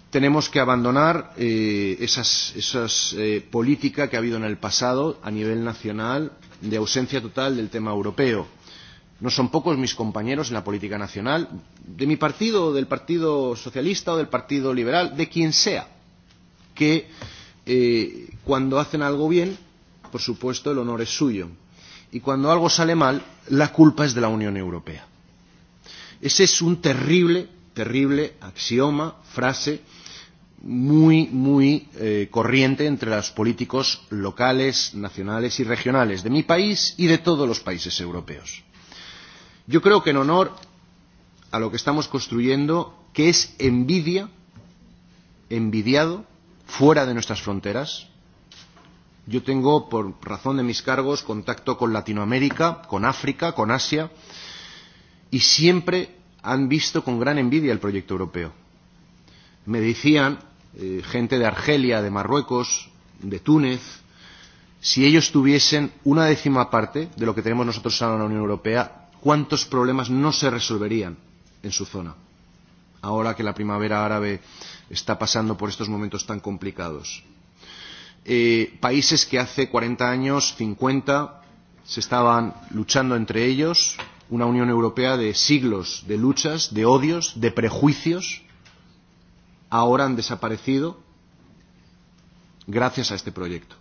Tenemos que abandonar eh, esas, esas eh, política que ha habido en el pasado a nivel nacional de ausencia total del tema europeo. No son pocos mis compañeros en la política nacional, de mi partido, del Partido Socialista o del Partido Liberal, de quien sea, que eh, cuando hacen algo bien, por supuesto, el honor es suyo. Y cuando algo sale mal, la culpa es de la Unión Europea. Ese es un terrible, terrible axioma, frase muy, muy eh, corriente entre los políticos locales, nacionales y regionales de mi país y de todos los países europeos. Yo creo que en honor a lo que estamos construyendo, que es envidia, envidiado, fuera de nuestras fronteras. Yo tengo, por razón de mis cargos, contacto con Latinoamérica, con África, con Asia, y siempre han visto con gran envidia el proyecto europeo. Me decían eh, gente de Argelia, de Marruecos, de Túnez, si ellos tuviesen una décima parte de lo que tenemos nosotros ahora en la Unión Europea, ¿cuántos problemas no se resolverían en su zona? Ahora que la primavera árabe está pasando por estos momentos tan complicados. Eh, países que hace 40 años, 50, se estaban luchando entre ellos, una Unión Europea de siglos de luchas, de odios, de prejuicios, ahora han desaparecido gracias a este proyecto.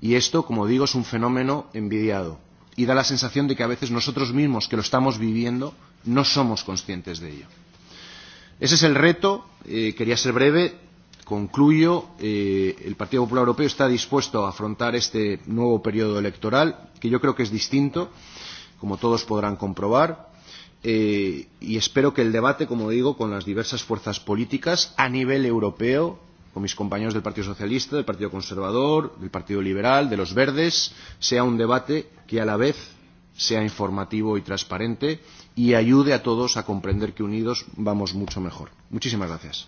Y esto, como digo, es un fenómeno envidiado y da la sensación de que a veces nosotros mismos que lo estamos viviendo no somos conscientes de ello. Ese es el reto. Eh, quería ser breve. Concluyo. Eh, el Partido Popular Europeo está dispuesto a afrontar este nuevo periodo electoral, que yo creo que es distinto, como todos podrán comprobar. Eh, y espero que el debate, como digo, con las diversas fuerzas políticas a nivel europeo, con mis compañeros del Partido Socialista, del Partido Conservador, del Partido Liberal, de los Verdes, sea un debate que a la vez sea informativo y transparente y ayude a todos a comprender que unidos vamos mucho mejor. Muchísimas gracias.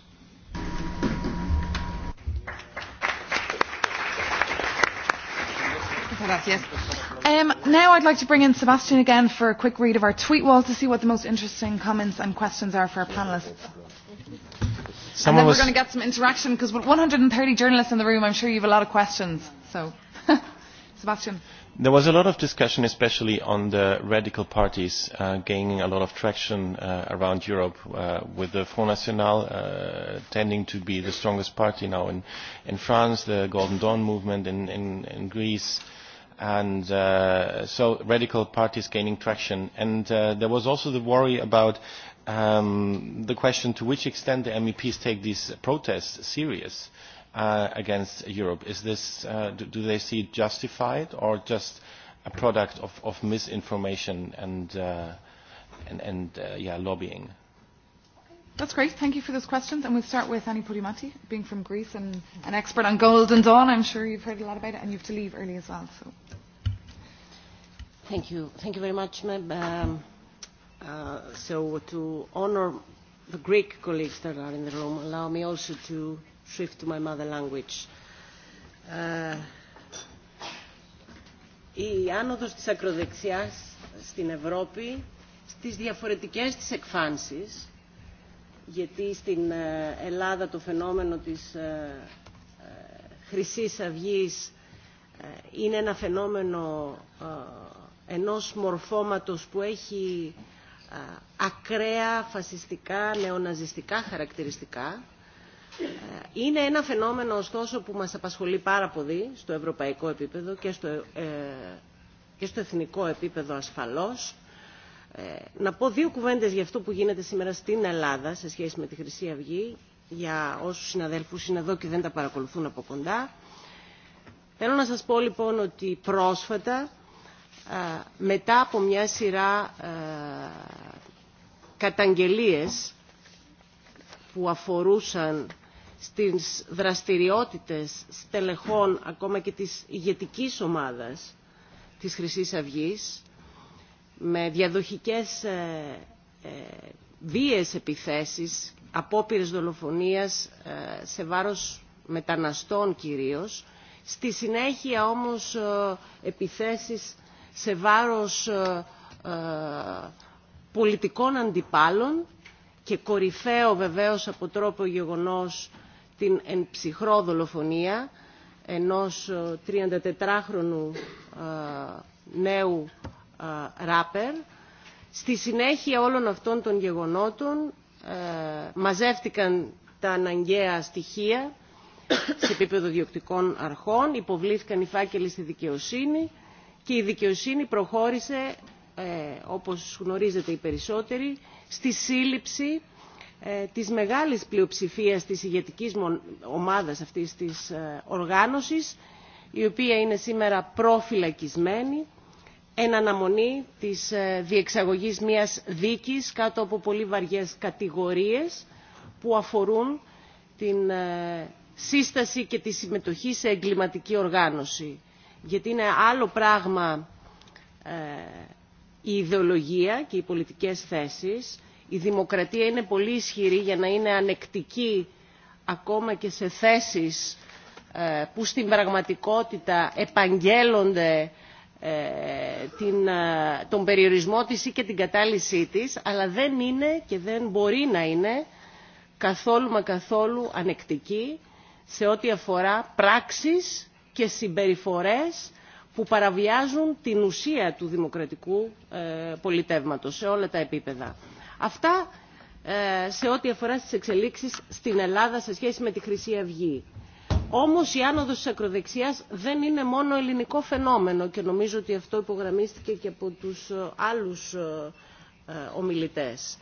Gracias. Um, now I'd like to bring in Sebastian again for a quick read of our tweet wall to see what the most interesting comments and questions are for our panelists. Someone and then was... we're going to get some interaction because with 130 journalists in the room, I'm sure you have a lot of questions. So. Sebastian. There was a lot of discussion, especially on the radical parties uh, gaining a lot of traction uh, around Europe, uh, with the Front National uh, tending to be the strongest party now in, in France, the Golden Dawn movement in, in, in Greece, and uh, so radical parties gaining traction. And uh, there was also the worry about um, the question to which extent the MEPs take these protests serious. Uh, uh, against Europe. Is this, uh, do, do they see it justified or just a product of, of misinformation and, uh, and, and uh, yeah, lobbying? That's great. Thank you for those questions. And we'll start with Annie Podimati, being from Greece and an expert on gold and dawn. I'm sure you've heard a lot about it and you have to leave early as well. So. Thank you. Thank you very much. Um, uh, so to honour the Greek colleagues that are in the room, allow me also to uh, shift to my mother language. Ε, η άνοδος της ακροδεξιάς στην Ευρώπη στις διαφορετικές της εκφάνσεις γιατί στην Ελλάδα το φαινόμενο της Χρυσής Αυγής είναι ένα φαινόμενο ενός μορφώματος που έχει ακραία φασιστικά νεοναζιστικά χαρακτηριστικά Είναι ένα φαινόμενο ωστόσο που μας απασχολεί πάρα πολύ στο ευρωπαϊκό επίπεδο και στο, ε, και στο εθνικό επίπεδο ασφαλώς. Ε, να πω δύο κουβέντες για αυτό που γίνεται σήμερα στην Ελλάδα σε σχέση με τη Χρυσή Αυγή για όσους συναδέλφους είναι εδώ και δεν τα παρακολουθούν από κοντά. Θέλω να σας πω λοιπόν ότι πρόσφατα μετά από μια σειρά καταγγελίες που αφορούσαν στις δραστηριότητες στελεχών ακόμα και της ηγετικής ομάδας της Χρυσής Αυγής με διαδοχικές ε, ε, βίες επιθέσεις, απόπειρες δολοφονίας ε, σε βάρος μεταναστών κυρίως. Στη συνέχεια όμως ε, επιθέσεις σε βάρος ε, ε, πολιτικών αντιπάλων και κορυφαίο βεβαίως από τρόπο γεγονός την ενψυχρό δολοφονία ενός 34χρονου νέου ράπερ. Στη συνέχεια όλων αυτών των γεγονότων μαζεύτηκαν τα αναγκαία στοιχεία σε επίπεδο διοκτικών αρχών, υποβλήθηκαν οι φάκελοι στη δικαιοσύνη και η δικαιοσύνη προχώρησε, ε, όπως γνωρίζετε οι περισσότεροι, στη σύλληψη της μεγάλης πλειοψηφίας της ηγετικής ομάδας αυτής της οργάνωσης, η οποία είναι σήμερα προφυλακισμένη, εν αναμονή της διεξαγωγής μιας δίκης κάτω από πολύ βαριές κατηγορίες που αφορούν την σύσταση και τη συμμετοχή σε εγκληματική οργάνωση. Γιατί είναι άλλο πράγμα ε, η ιδεολογία και οι πολιτικές θέσεις η δημοκρατία είναι πολύ ισχυρή για να είναι ανεκτική ακόμα και σε θέσεις που στην πραγματικότητα επαγγέλλονται την, τον περιορισμό της ή και την κατάλυσή της, αλλά δεν είναι και δεν μπορεί να είναι καθόλου μα καθόλου ανεκτική σε ό,τι αφορά πράξεις και συμπεριφορές που παραβιάζουν την ουσία του δημοκρατικού ε, πολιτεύματος σε όλα τα επίπεδα. Αυτά σε ό,τι αφορά στις εξελίξεις στην Ελλάδα σε σχέση με τη Χρυσή Αυγή. Όμως η άνοδος της ακροδεξιάς δεν είναι μόνο ελληνικό φαινόμενο και νομίζω ότι αυτό υπογραμμίστηκε και από τους άλλους ομιλητές.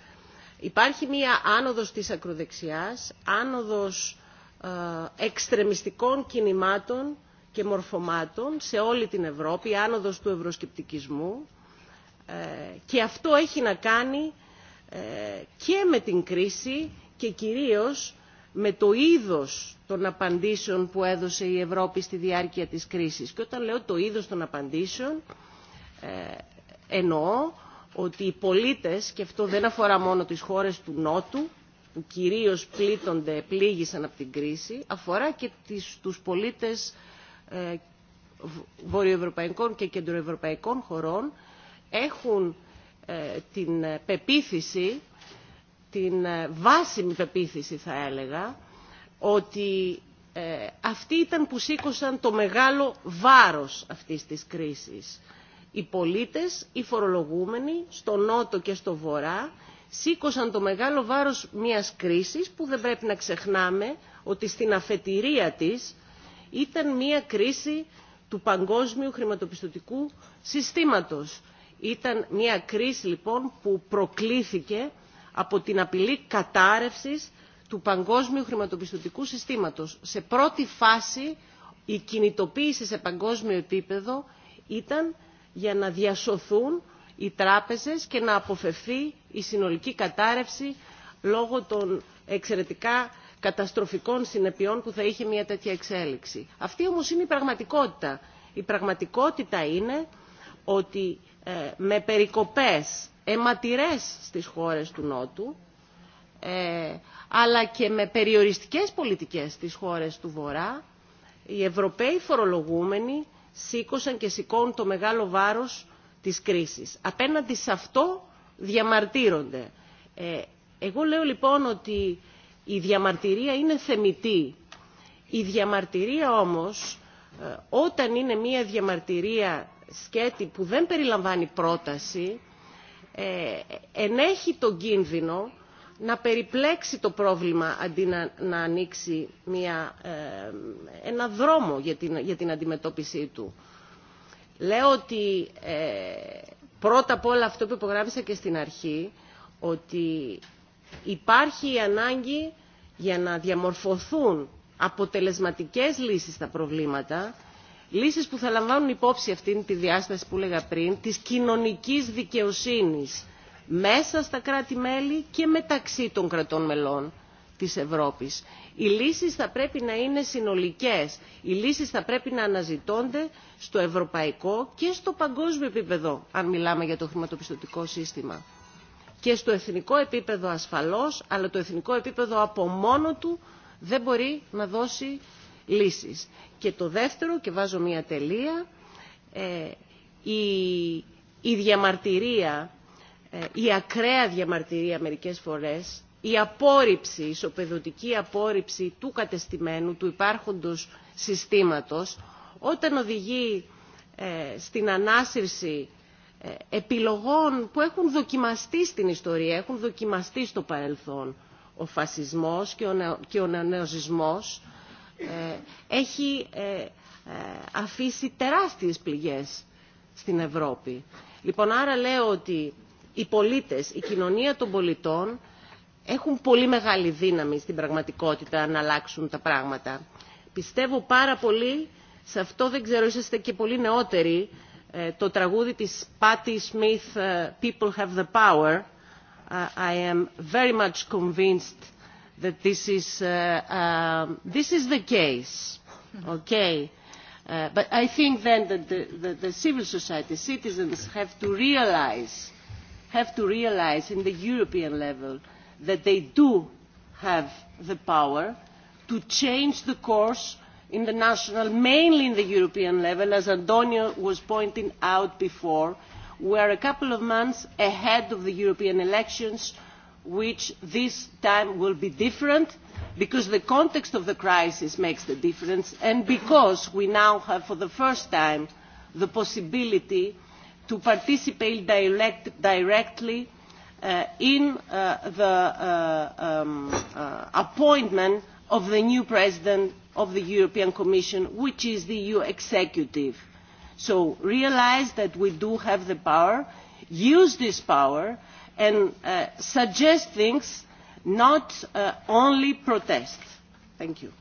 Υπάρχει μία άνοδος της ακροδεξιάς, άνοδος εξτρεμιστικών κινημάτων και μορφωμάτων σε όλη την Ευρώπη, άνοδος του ευρωσκεπτικισμού και αυτό έχει να κάνει και με την κρίση και κυρίως με το είδος των απαντήσεων που έδωσε η Ευρώπη στη διάρκεια της κρίσης. Και όταν λέω το είδος των απαντήσεων, ε, εννοώ ότι οι πολίτες, και αυτό δεν αφορά μόνο τις χώρες του Νότου, που κυρίως πλήττονται, πλήγησαν από την κρίση, αφορά και τις, τους πολίτες ε, βορειοευρωπαϊκών και κεντροευρωπαϊκών χωρών, έχουν την πεποίθηση, την βάσιμη πεποίθηση θα έλεγα, ότι ε, αυτοί ήταν που σήκωσαν το μεγάλο βάρος αυτής της κρίσης. Οι πολίτες, οι φορολογούμενοι, στο νότο και στο βορρά, σήκωσαν το μεγάλο βάρος μιας κρίσης που δεν πρέπει να ξεχνάμε ότι στην αφετηρία της ήταν μια κρίση του παγκόσμιου χρηματοπιστωτικού συστήματος Ήταν μια κρίση λοιπόν που προκλήθηκε από την απειλή κατάρρευσης του παγκόσμιου χρηματοπιστωτικού συστήματος. Σε πρώτη φάση η κινητοποίηση σε παγκόσμιο επίπεδο ήταν για να διασωθούν οι τράπεζες και να αποφευθεί η συνολική κατάρρευση λόγω των εξαιρετικά καταστροφικών συνεπειών που θα είχε μια τέτοια εξέλιξη. Αυτή όμως είναι η πραγματικότητα. Η πραγματικότητα είναι ότι ε, με περικοπές αιματηρές στις χώρες του Νότου, ε, αλλά και με περιοριστικές πολιτικές στις χώρες του Βορρά, οι Ευρωπαίοι φορολογούμενοι σήκωσαν και σηκώνουν το μεγάλο βάρος της κρίσης. Απέναντι σε αυτό διαμαρτύρονται. Ε, εγώ λέω λοιπόν ότι η διαμαρτυρία είναι θεμητή. Η διαμαρτυρία όμως, όταν είναι μια διαμαρτυρία σκέτη που δεν περιλαμβάνει πρόταση ε, ενέχει τον κίνδυνο να περιπλέξει το πρόβλημα αντί να, να ανοίξει μια, ε, ένα δρόμο για την, για την αντιμετώπιση του. Λέω ότι ε, πρώτα απ' όλα αυτό που υπογράμμισα και στην αρχή, ότι υπάρχει η ανάγκη για να διαμορφωθούν αποτελεσματικές λύσεις στα προβλήματα, λύσεις που θα λαμβάνουν υπόψη αυτήν τη διάσταση που έλεγα πριν, της κοινωνικής δικαιοσύνης μέσα στα κράτη-μέλη και μεταξύ των κρατών μελών της Ευρώπης. Οι λύσεις θα πρέπει να είναι συνολικές. Οι λύσεις θα πρέπει να αναζητώνται στο ευρωπαϊκό και στο παγκόσμιο επίπεδο, αν μιλάμε για το χρηματοπιστωτικό σύστημα. Και στο εθνικό επίπεδο ασφαλώς, αλλά το εθνικό επίπεδο από μόνο του δεν μπορεί να δώσει λύσεις. Και το δεύτερο, και βάζω μία τελεία, ε, η, η διαμαρτυρία, ε, η ακραία διαμαρτυρία μερικές φορές, η απόρριψη, η ισοπεδωτική απόρριψη του κατεστημένου, του υπάρχοντος συστήματος, όταν οδηγεί ε, στην ανάσυρση ε, επιλογών που έχουν δοκιμαστεί στην ιστορία, έχουν δοκιμαστεί στο παρελθόν. Ο φασισμός και ο, νεο, και ο νεοζισμός, έχει αφήσει τεράστιες πληγές στην Ευρώπη. Λοιπόν, άρα λέω ότι οι πολίτες, η κοινωνία των πολιτών έχουν πολύ μεγάλη δύναμη στην πραγματικότητα να αλλάξουν τα πράγματα. Πιστεύω πάρα πολύ, σε αυτό δεν ξέρω, είσαστε και πολύ νεότεροι, το τραγούδι της Patti Smith, People Have the Power. I am very much convinced that this is, uh, um, this is the case. Hmm. Okay? Uh, but I think then that the, the, the civil society, citizens, have to realize, have to realize in the European level that they do have the power to change the course in the national, mainly in the European level, as Antonio was pointing out before. We are a couple of months ahead of the European elections, uh, which this time will be different because the context of the crisis makes the difference and because we now have for the first time the possibility to participate direct, directly uh, in uh, the uh, um, uh, appointment of the new president of the European Commission, which is the EU executive. So realize that we do have the power, use this power, and uh, suggest things, not uh, only protest. Thank you.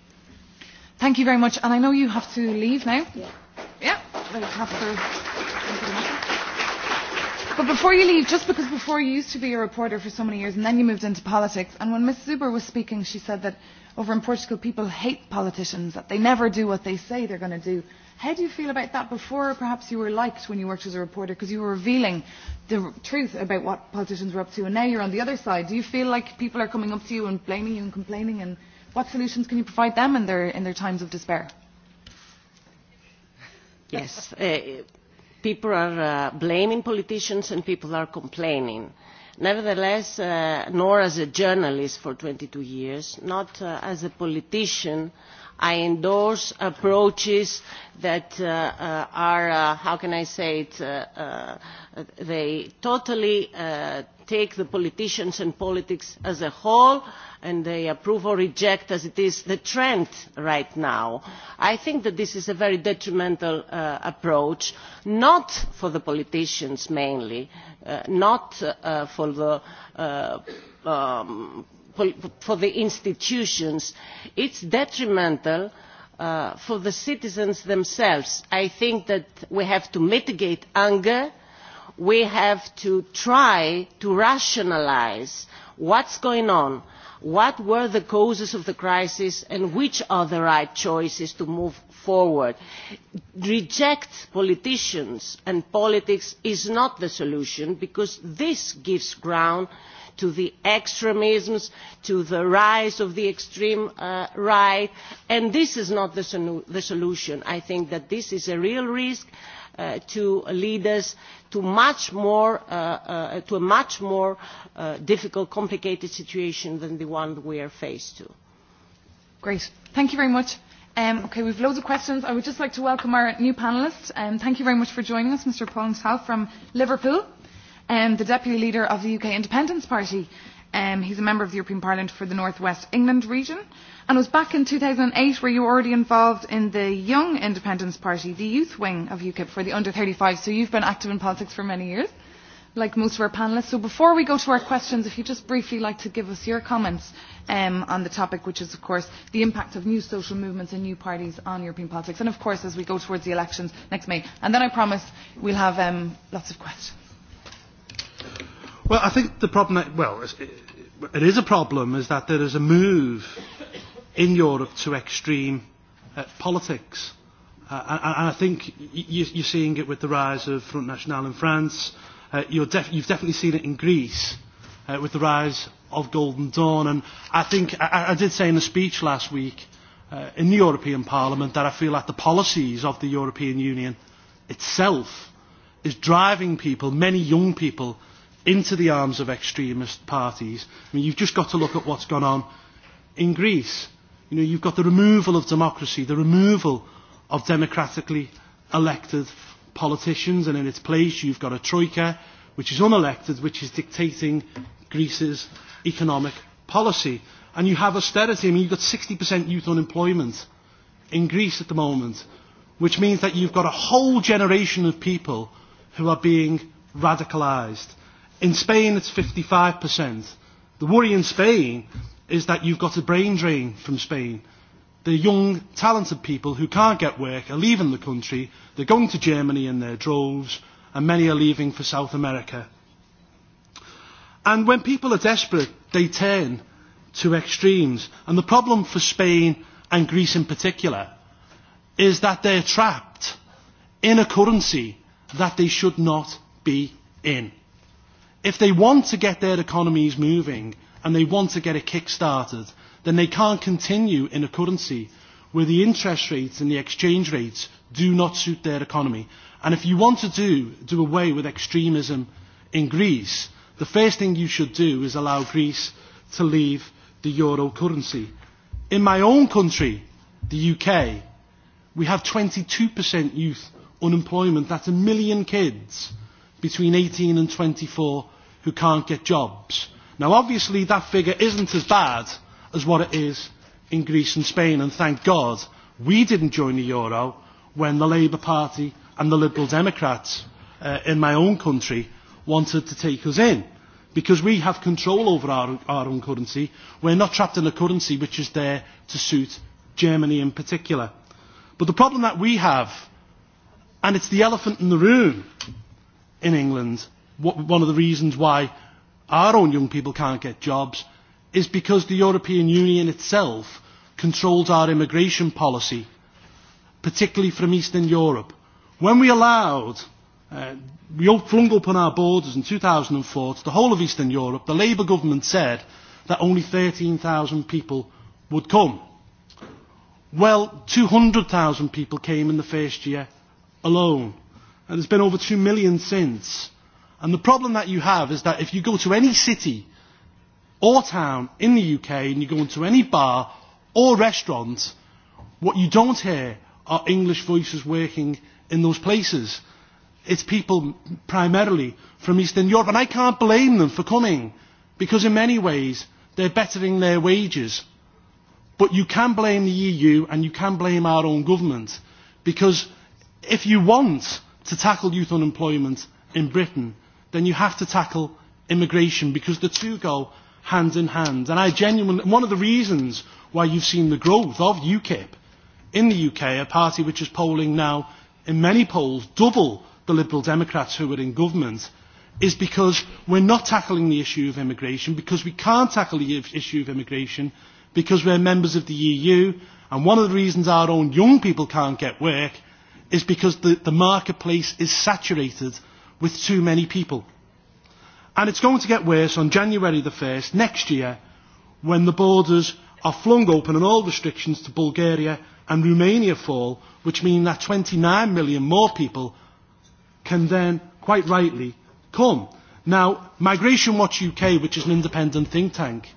Thank you very much. And I know you have to leave now. Yeah. Yeah. You have to. Thank you very much. But before you leave, just because before you used to be a reporter for so many years and then you moved into politics, and when Ms Zuber was speaking, she said that over in Portugal people hate politicians, that they never do what they say they're going to do. How do you feel about that before perhaps you were liked when you worked as a reporter because you were revealing the truth about what politicians were up to and now you're on the other side? Do you feel like people are coming up to you and blaming you and complaining and what solutions can you provide them in their, in their times of despair? Yes, uh, people are uh, blaming politicians and people are complaining. Nevertheless, uh, nor as a journalist for 22 years, not uh, as a politician, uh, i endorse approaches that uh, uh, are uh, how can i say it uh, uh, they totally uh, take the politicians and politics as a whole and they approve or reject as is the trend right now. i think that this is a very detrimental uh, approach not for the politicians mainly uh, not uh, for the um, for the institutions it is detrimental uh, for the citizens themselves. i think that we have to mitigate anger we have to try to rationalise what is going on what were the causes of the crisis and which are the right choices to move forward. rejecting politicians and politics is not the solution because this gives ground to the extremisms to the rise of the extreme uh, right and this is not the, solu the solution. i think that this is a real risk uh, to lead us to, much more, uh, uh, to a much more uh, difficult, complicated situation than the one we are faced to. Great. Thank you very much. Um, okay, we've loads of questions. I would just like to welcome our new panellists. Um, thank you very much for joining us, Mr. Paul South from Liverpool um, the deputy leader of the UK Independence Party. Um, he's a member of the European Parliament for the North West England region and was back in 2008 where you were already involved in the Young Independence Party, the youth wing of UKIP for the under 35. So you've been active in politics for many years, like most of our panellists. So before we go to our questions, if you just briefly like to give us your comments um, on the topic, which is, of course, the impact of new social movements and new parties on European politics. And, of course, as we go towards the elections next May. And then I promise we'll have um, lots of questions. Well, I think the problem, that, well, it is a problem, is that there is a move in Europe to extreme uh, politics. Uh, and, and I think you, you're seeing it with the rise of Front National in France. Uh, you're def- you've definitely seen it in Greece uh, with the rise of Golden Dawn. And I think I, I did say in a speech last week uh, in the European Parliament that I feel that the policies of the European Union itself is driving people, many young people, into the arms of extremist parties. I mean, you've just got to look at what's gone on in Greece. You know, you've got the removal of democracy, the removal of democratically elected politicians, and in its place you've got a troika which is unelected, which is dictating Greece's economic policy. And you have austerity. I mean, you've got 60% youth unemployment in Greece at the moment, which means that you've got a whole generation of people who are being radicalised. In Spain, it's 55%. The worry in Spain is that you've got a brain drain from Spain. The young, talented people who can't get work are leaving the country, they're going to Germany in their droves, and many are leaving for South America. And when people are desperate, they turn to extremes. And the problem for Spain and Greece in particular is that they're trapped in a currency that they should not be in. If they want to get their economies moving and they want to get it kick-started, then they can't continue in a currency where the interest rates and the exchange rates do not suit their economy. And if you want to do, do away with extremism in Greece, the first thing you should do is allow Greece to leave the euro currency. In my own country, the UK, we have 22% youth unemployment. That's a million kids between 18 and 24 who can't get jobs. Now, obviously, that figure isn't as bad as what it is in Greece and Spain, and thank God we didn't join the euro when the Labour Party and the Liberal Democrats uh, in my own country wanted to take us in. Because we have control over our, our own currency, we're not trapped in a currency which is there to suit Germany in particular. But the problem that we have, and it's the elephant in the room in England, what, one of the reasons why our own young people can't get jobs is because the European Union itself controls our immigration policy, particularly from Eastern Europe. When we allowed, uh, we flung open our borders in 2004 to the whole of Eastern Europe, the Labour government said that only 13,000 people would come. Well, 200,000 people came in the first year alone. And there's been over 2 million since And the problem that you have is that if you go to any city or town in the UK and you go into any bar or restaurant, what you don't hear are English voices working in those places. It's people primarily from Eastern Europe. And I can't blame them for coming because in many ways they're bettering their wages. But you can blame the EU and you can blame our own government because if you want to tackle youth unemployment in Britain, then you have to tackle immigration because the two go hand in hand. And I genuinely, one of the reasons why you've seen the growth of UKIP in the UK, a party which is polling now in many polls double the Liberal Democrats who were in government, is because we're not tackling the issue of immigration, because we can't tackle the issue of immigration, because we're members of the EU, and one of the reasons our own young people can't get work is because the, the marketplace is saturated with too many people. And it's going to get worse on January the 1st next year when the borders are flung open and all restrictions to Bulgaria and Romania fall, which mean that 29 million more people can then, quite rightly, come. Now, Migration Watch UK, which is an independent think tank,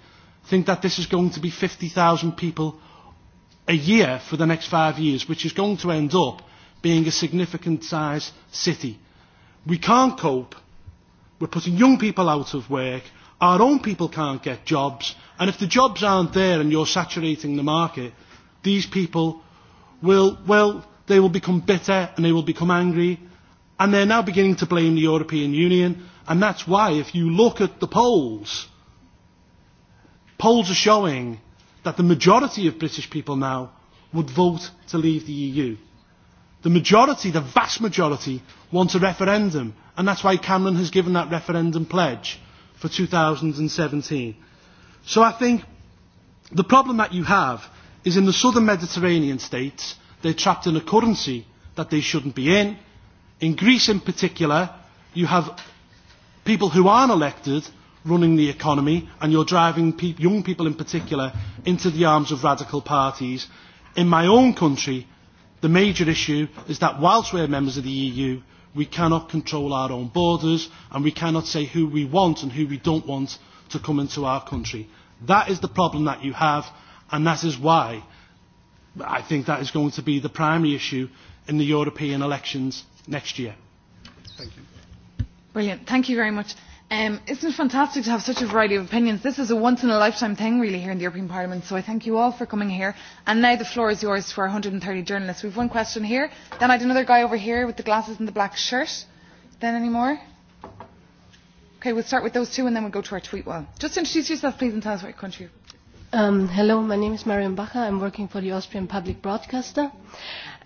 think that this is going to be 50,000 people a year for the next five years, which is going to end up being a significant size city We can't cope. We're putting young people out of work. Our own people can't get jobs. And if the jobs aren't there and you're saturating the market, these people will, well, they will become bitter and they will become angry. And they're now beginning to blame the European Union. And that's why, if you look at the polls, polls are showing that the majority of British people now would vote to leave the EU. The majority, the vast majority, want a referendum, and that's why Cameron has given that referendum pledge for 2017. So I think the problem that you have is in the southern Mediterranean states, they're trapped in a currency that they shouldn't be in. In Greece in particular, you have people who aren't elected running the economy, and you're driving pe- young people in particular into the arms of radical parties. In my own country, The major issue is that whilst we are members of the EU, we cannot control our own borders and we cannot say who we want and who we don't want to come into our country. That is the problem that you have and that is why I think that is going to be the primary issue in the European elections next year. Thank you. Brilliant. Thank you very much. Um, isn't it fantastic to have such a variety of opinions? This is a once in a lifetime thing, really, here in the European Parliament. So I thank you all for coming here. And now the floor is yours for 130 journalists. We've one question here. Then I had another guy over here with the glasses and the black shirt. Then any more? Okay, we'll start with those two, and then we'll go to our tweet wall. Just introduce yourself, please, and tell us what your country. Um, hello, my name is Marion Bacher. I'm working for the Austrian Public Broadcaster.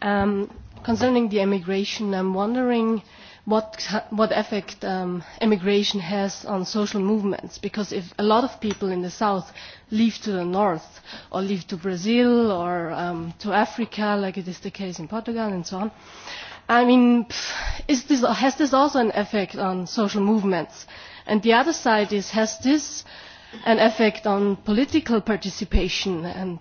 Um, concerning the emigration, I'm wondering. Uh, what, what effect um, immigration has on social movements. Because if a lot of people in the south leave to the north, or leave to Brazil, or um, to Africa, like it is the case in Portugal, and so on, I mean, is this, has this also an effect on social movements? And the other side is, has this an effect on political participation? And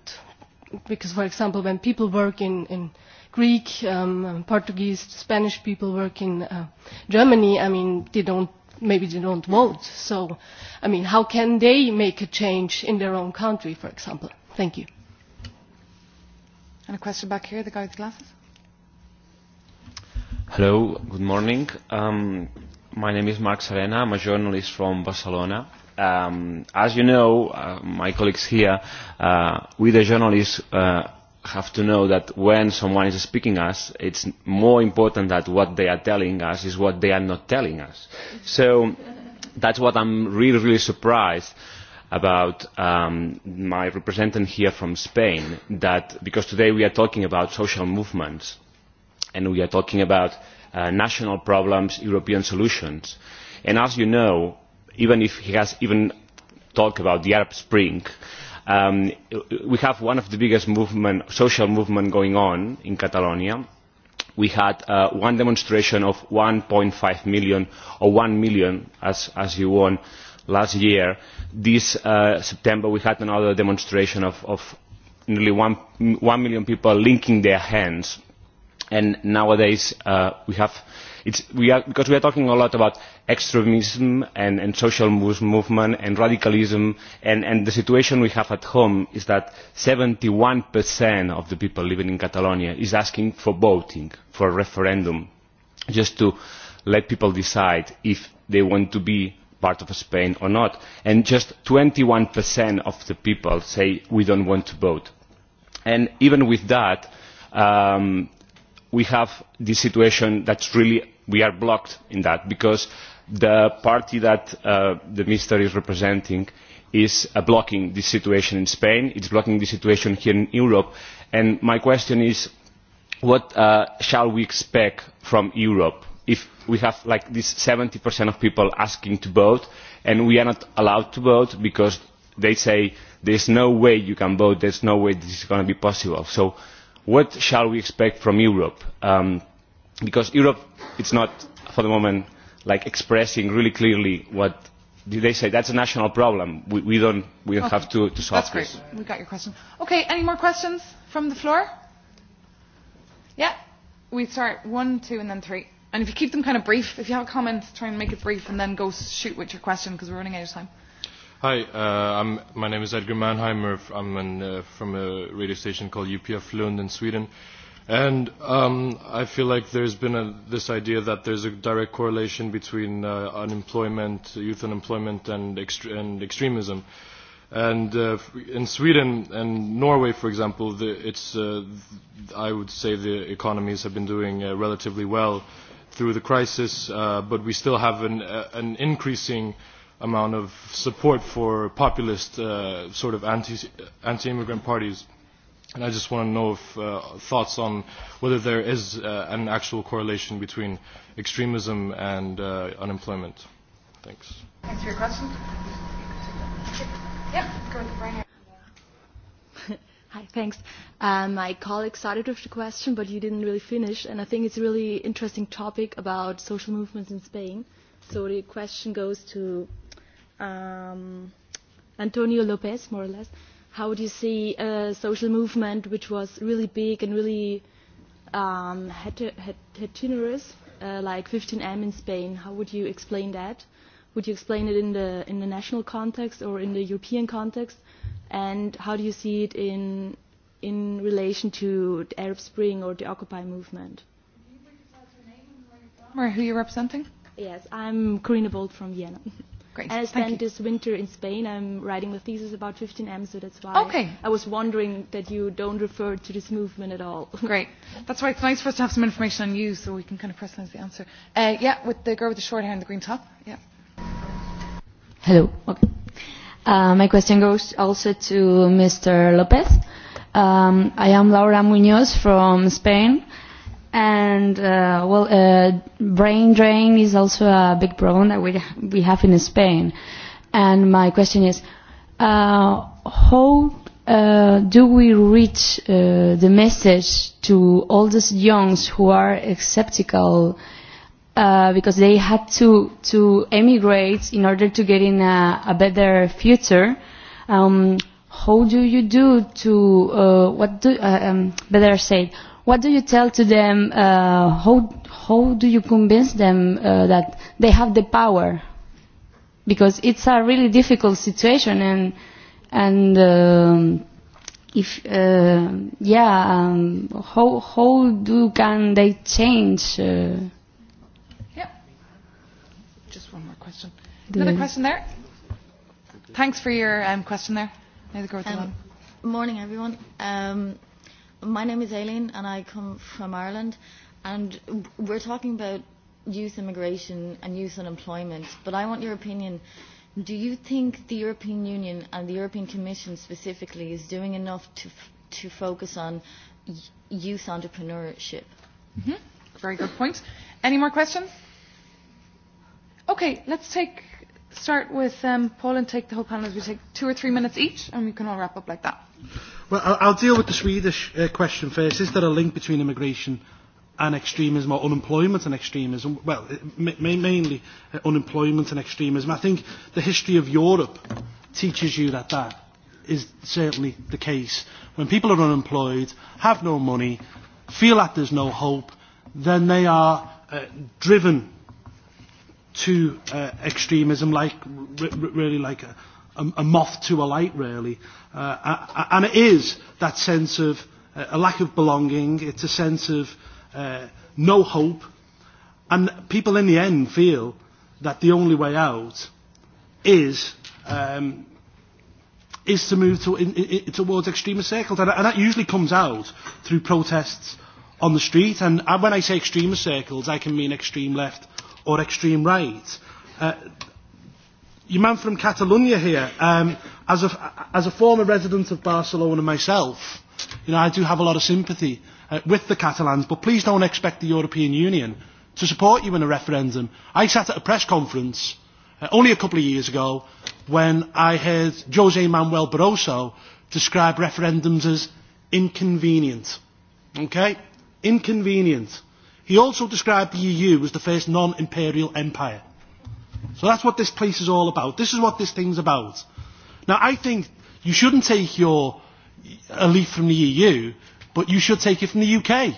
because, for example, when people work in, in Greek, um, Portuguese, Spanish people work in uh, Germany, I mean, they don't, maybe they don't vote. So, I mean, how can they make a change in their own country, for example? Thank you. And a question back here, the guy with the glasses. Hello, good morning. Um, my name is Marc Serena. I'm a journalist from Barcelona. Um, as you know, uh, my colleagues here, uh, we the journalists uh, have to know that when someone is speaking us, it's more important that what they are telling us is what they are not telling us. So that's what I'm really, really surprised about um, my representative here from Spain, that because today we are talking about social movements and we are talking about uh, national problems, European solutions. And as you know, even if he has even talked about the Arab Spring, uh, Um, we have one of the biggest movement, social movement going on in Catalonia. We had uh, one demonstration of 1.5 million or 1 million, as, as you want, last year. This uh, September we had another demonstration of, of nearly 1, 1 million people linking their hands. And nowadays uh, we have uh, we are, because we are talking a lot about extremism and, and social move, movement and radicalism and, and the situation we have at home is that seventy one of the people living in catalonia is asking for voting for a referendum just to let people decide if they want to be part of spain or not and just twenty one of the people say we do not want to vote. And even with that um, we have this situation that is really we are blocked in that because the party that uh, the minister is representing is uh, blocking this situation in Spain, it's blocking the situation here in Europe. And my question is, what uh, shall we expect from Europe if we have like this 70% of people asking to vote and we are not allowed to vote because they say there's no way you can vote, there's no way this is going to be possible. So what shall we expect from Europe? Um, because europe is not for the moment like, expressing really clearly what they say that's a national problem. We, we don't, we don't okay. have to, to solve that's great. this. We got your question. Okay, any more questions from the floor? Yeah, we start one, two, and then three. And if you keep them kind of brief, if you have a comment, try and make it brief, and then go shoot with your question because we're running out of time. Hi, uh, I'm, my name is Edgar Mannheimer. I'm an, uh, from a radio station called UPF Lund in Sweden. Uh, And um, I feel like there's been a, this idea that there's a direct correlation between uh, unemployment, youth unemployment, and, ext- and extremism. And uh, in Sweden and Norway, for example, the, it's, uh, I would say the economies have been doing uh, relatively well through the crisis, uh, but we still have an, uh, an increasing amount of support for populist uh, sort of anti, anti-immigrant parties And I just want to know if, uh, thoughts on whether there is uh, an actual correlation between extremism and uh, unemployment. Thanks. Thanks for your question. Yep, go right here. (laughs) Hi, thanks. Um, my colleague started with the question, but you didn't really finish, and I think it's a really interesting topic about social movements in Spain. So the question goes to um, Antonio Lopez, more or less. Uh, how do you see a uh, social movement which was really big and really um, heterogeneous, uh, like 15M in Spain? How would you explain that? Would you explain it in the, in the national context or in the European context? And how do you see it in, in relation to the Arab Spring or the Occupy movement? Or who you're representing? Yes, I'm Corinna Bold from Vienna. (laughs) Great. And I spent this winter in Spain. I'm writing a thesis about 15M, so that's why okay. I was wondering that you don't refer to this movement at all. (laughs) Great. That's why it's nice for us to have some information on you so we can kind of personalize the answer. Uh, yeah, with the girl with the short hair and the green top. Yeah. Hello. Okay. Uh, my question goes also to Mr. Lopez. Um, I am Laura Muñoz from Spain and uh, well, uh, brain drain is also a big problem that we we have in Spain. And my question is, uh, how uh, do we reach uh, the message to all these youngs who are skeptical? Uh, because they had to, to emigrate in order to get in a, a better future. Um, how do you do to, uh, what do, uh, um, better said, What do you tell to them? Uh, how, how do you convince them uh, that they have the power? Because it's a really difficult situation, and and um, if uh, yeah, um, how how do can they change? Uh, yeah. Just one more question. Another the, question there. Thanks for your um, question there. Now the girl um, Morning, everyone. Um, my name is Aileen and I come from Ireland and we're talking about youth immigration and youth unemployment, but I want your opinion. Do you think the European Union and the European Commission specifically is doing enough to, f to focus on youth entrepreneurship? Mm -hmm. Very good point. Any more questions? Okay, let's take start with um, Paul and take the whole panel as we take two or three minutes each, and we can all wrap up like that. Well, I'll, I'll deal with the Swedish uh, question first. Is there a link between immigration and extremism or unemployment and extremism? Well, ma- mainly uh, unemployment and extremism. I think the history of Europe teaches you that that is certainly the case. When people are unemployed, have no money, feel that there's no hope, then they are uh, driven to uh, extremism, like r- r- really like a, a, a moth to a light, really. Uh, and it is that sense of uh, a lack of belonging. It's a sense of uh, no hope, and people in the end feel that the only way out is. Um, is to move to, in, in, towards extremist circles. And, and that usually comes out through protests on the street. And when I say extremist circles, I can mean extreme left or extreme right. Uh, your man from Catalonia here, um, as, a, as a former resident of Barcelona myself, you know, I do have a lot of sympathy uh, with the Catalans, but please don't expect the European Union to support you in a referendum. I sat at a press conference uh, only a couple of years ago when I heard Jose Manuel Barroso describe referendums as inconvenient. Okay? Inconvenient. He also described the EU as the first non-imperial empire. So that's what this place is all about. This is what this thing's about. Now, I think you shouldn't take your a leaf from the EU, but you should take it from the UK.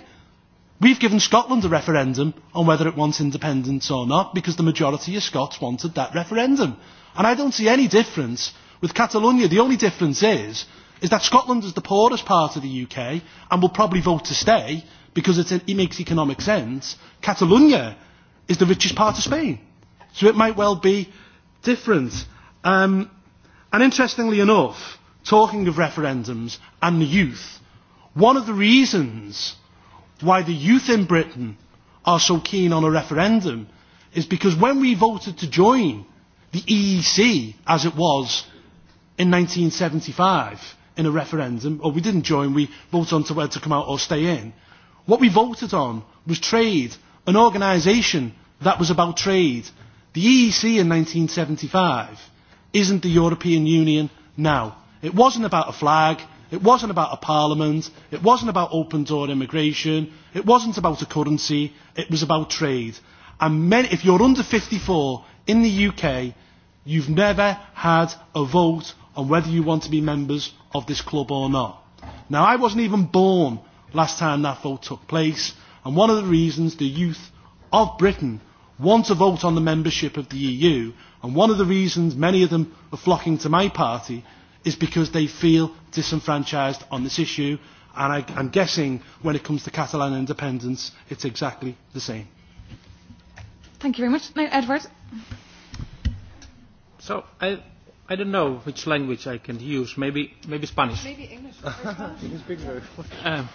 We've given Scotland a referendum on whether it wants independence or not because the majority of Scots wanted that referendum. And I don't see any difference with Catalonia. The only difference is, is that Scotland is the poorest part of the UK and will probably vote to stay, because it's, it makes economic sense, Catalonia is the richest part of Spain. So it might well be different. Um, and interestingly enough, talking of referendums and the youth, one of the reasons why the youth in Britain are so keen on a referendum is because when we voted to join the EEC, as it was in 1975, in a referendum, or we didn't join, we voted on to whether to come out or stay in, What we voted on was trade, an organisation that was about trade. The EEC in 1975 isn't the European Union now. It wasn't about a flag. It wasn't about a parliament. It wasn't about open door immigration. It wasn't about a currency. It was about trade. And men, if you're under 54 in the UK, you've never had a vote on whether you want to be members of this club or not. Now, I wasn't even born last time that vote took place, and one of the reasons the youth of Britain want to vote on the membership of the EU, and one of the reasons many of them are flocking to my party is because they feel disenfranchised on this issue, and I, I'm guessing when it comes to Catalan independence, it's exactly the same. Thank you very much. No, Edward. So, I, I don't know which language I can use. Maybe, maybe Spanish. Maybe English. (laughs) um,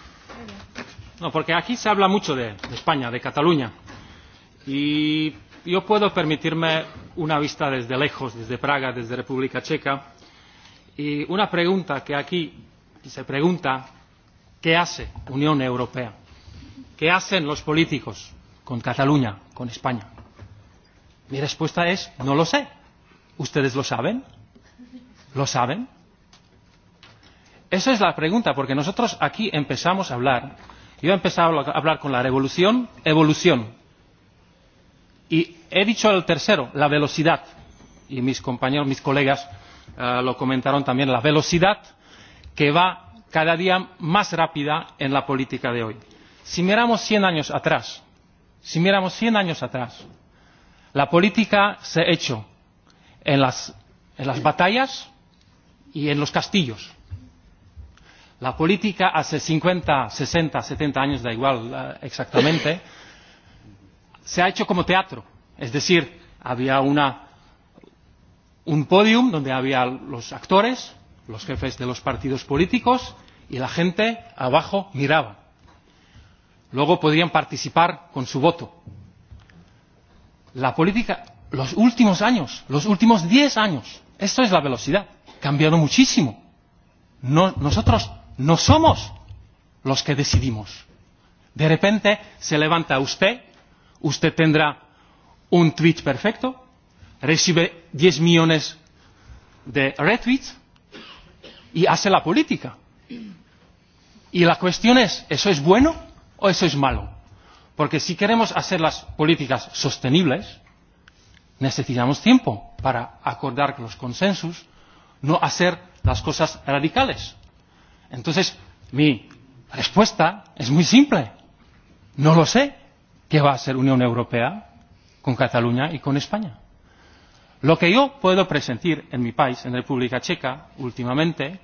No, porque aquí se habla mucho de, de España, de Cataluña. Y yo puedo permitirme una vista desde lejos, desde Praga, desde República Checa. Y una pregunta que aquí se pregunta, ¿qué hace Unión Europea? ¿Qué hacen los políticos con Cataluña, con España? Mi respuesta es, no lo sé. ¿Ustedes lo saben? ¿Lo saben? esa es la pregunta porque nosotros aquí empezamos a hablar yo he empezado a hablar con la revolución evolución y he dicho el tercero la velocidad y mis compañeros mis colegas uh, lo comentaron también la velocidad que va cada día más rápida en la política de hoy. si miramos cien años atrás si miramos cien años atrás la política se ha hecho en las, en las batallas y en los castillos la política hace cincuenta sesenta setenta años da igual eh, exactamente se ha hecho como teatro es decir había una, un podium donde había los actores los jefes de los partidos políticos y la gente abajo miraba luego podían participar con su voto la política los últimos años los últimos diez años esto es la velocidad ha cambiado muchísimo. No, nosotros no somos los que decidimos. De repente se levanta usted, usted tendrá un tweet perfecto, recibe 10 millones de retweets y hace la política. Y la cuestión es, ¿eso es bueno o eso es malo? Porque si queremos hacer las políticas sostenibles, necesitamos tiempo para acordar los consensos, no hacer las cosas radicales Entonces, mi respuesta es muy simple. No lo sé qué va a hacer Unión Europea con Cataluña y con España. Lo que yo puedo presentir en mi país, en República Checa, últimamente,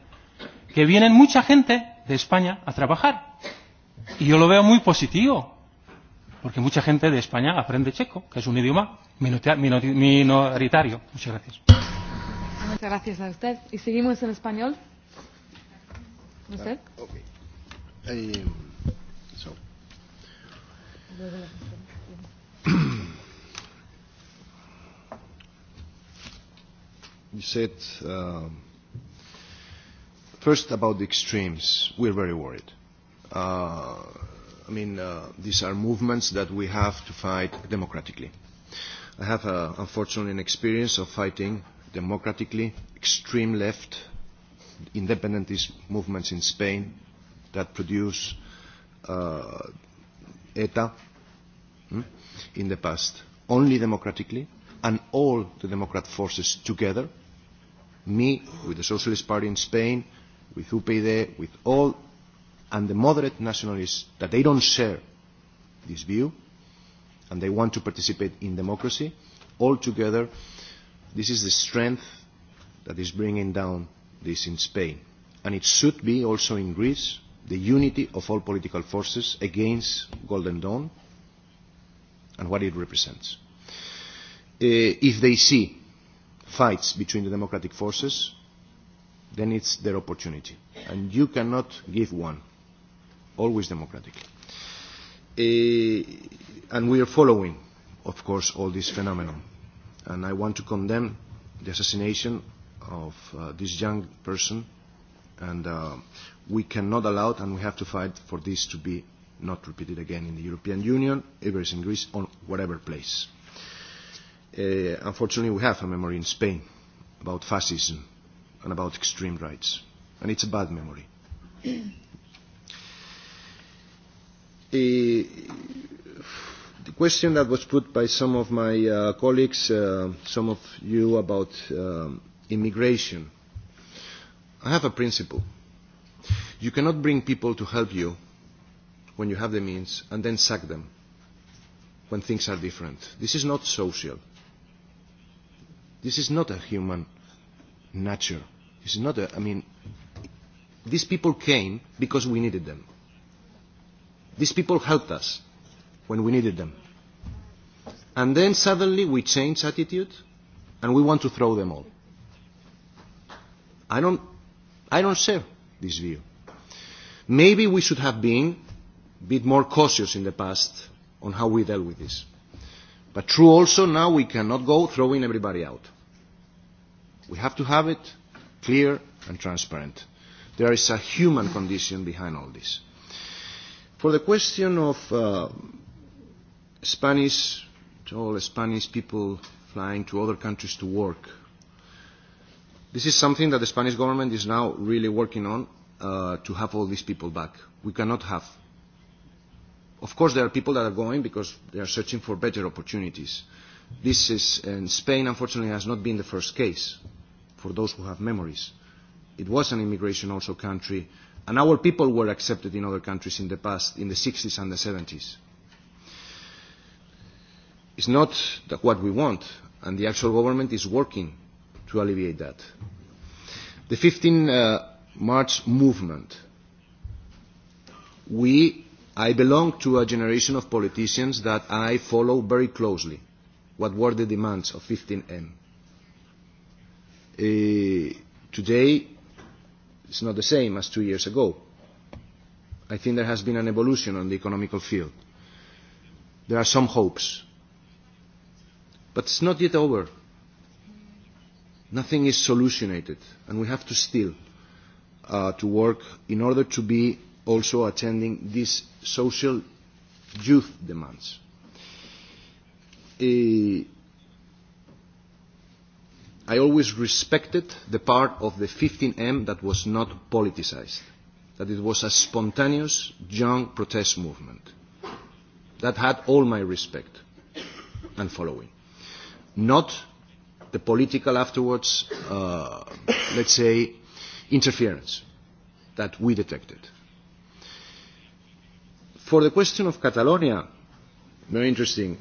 que viene mucha gente de España a trabajar. Y yo lo veo muy positivo, porque mucha gente de España aprende checo, que es un idioma minoritario. Muchas gracias. Muchas gracias a usted. Y seguimos en español. Ah, okay. okay. Um, so. you said uh, first about the extremes. We're very worried. Uh, I mean, uh, these are movements that we have to fight democratically. I have, uh, unfortunately, an experience of fighting democratically extreme left independentist movements in Spain that produce uh, ETA hmm, in the past. Only democratically and all the democrat forces together, me with the Socialist Party in Spain, with UPyD, with all, and the moderate nationalists that they don't share this view and they want to participate in democracy, all together, this is the strength that is bringing down this in Spain. And it should be also in Greece the unity of all political forces against Golden Dawn and what it represents. Uh, if they see fights between the democratic forces, then it's their opportunity. And you cannot give one, always democratically. Uh, and we are following, of course, all this phenomenon. And I want to condemn the assassination of uh, this young person, and uh, we cannot allow it, and we have to fight for this to be not repeated again in the European Union, either in Greece or whatever place. Uh, unfortunately, we have a memory in Spain about fascism and about extreme rights, and it's a bad memory. uh, (clears throat) the question that was put by some of my uh, colleagues, uh, some of you about um, immigration. I have a principle. You cannot bring people to help you when you have the means and then sack them when things are different. This is not social. This is not a human nature. This is not a, I mean, these people came because we needed them. These people helped us when we needed them. And then suddenly we change attitude and we want to throw them all. I don't, I don't share this view. Maybe we should have been a bit more cautious in the past on how we dealt with this. But true also, now we cannot go throwing everybody out. We have to have it clear and transparent. There is a human condition behind all this. For the question of uh, Spanish, all Spanish people flying to other countries to work, This is something that the Spanish government is now really working on uh, to have all these people back. We cannot have. Of course, there are people that are going because they are searching for better opportunities. This is, and Spain, unfortunately, has not been the first case for those who have memories. It was an immigration also country, and our people were accepted in other countries in the past, in the 60s and the 70s. It's not that what we want, and the actual government is working to alleviate that. The 15 uh, March movement. We, I belong to a generation of politicians that I follow very closely what were the demands of 15M. Uh, today, it's not the same as two years ago. I think there has been an evolution on the economical field. There are some hopes. But it's not yet over nothing is solutionated, and we have to still uh, to work in order to be also attending these social youth demands. Uh, I always respected the part of the 15M that was not politicized, that it was a spontaneous young protest movement. That had all my respect and following. Not the political afterwards, uh, let's say, interference that we detected. For the question of Catalonia, very interesting.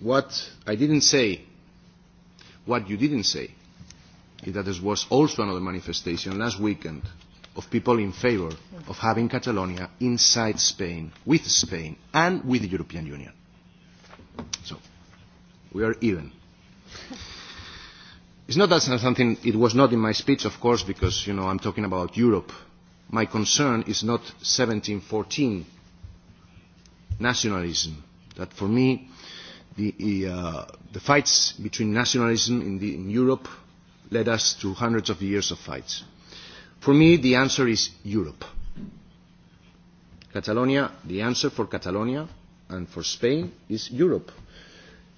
What I didn't say, what you didn't say, is that there was also another manifestation last weekend of people in favour of having Catalonia inside Spain, with Spain, and with the European Union. So, we are even. It's not that something, it was not in my speech, of course, because, you know, I'm talking about Europe. My concern is not 1714 nationalism. That for me, the, uh, the fights between nationalism in, the, in Europe led us to hundreds of years of fights. For me, the answer is Europe. Catalonia, the answer for Catalonia and for Spain is Europe.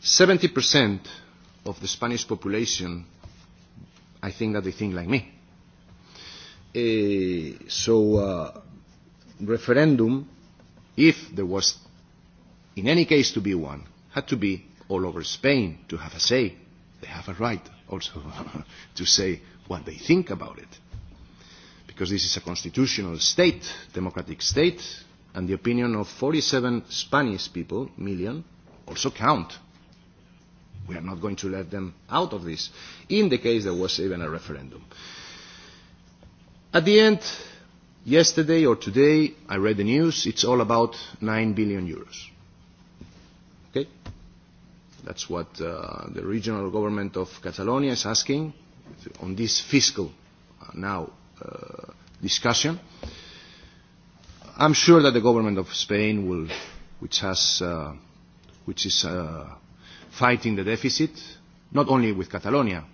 70% of the Spanish population, I think that they think like me. Uh, so, uh, referendum, if there was, in any case, to be one, had to be all over Spain to have a say. They have a right also (laughs) to say what they think about it. Because this is a constitutional state, democratic state, and the opinion of 47 Spanish people, million, also count We are not going to let them out of this, in the case there was even a referendum. At the end, yesterday or today, I read the news, it's all about 9 billion euros. Okay? That's what uh, the regional government of Catalonia is asking on this fiscal uh, now uh, discussion. I'm sure that the government of Spain will, which has, uh, which is uh, fighting the deficit, not only with Catalonia,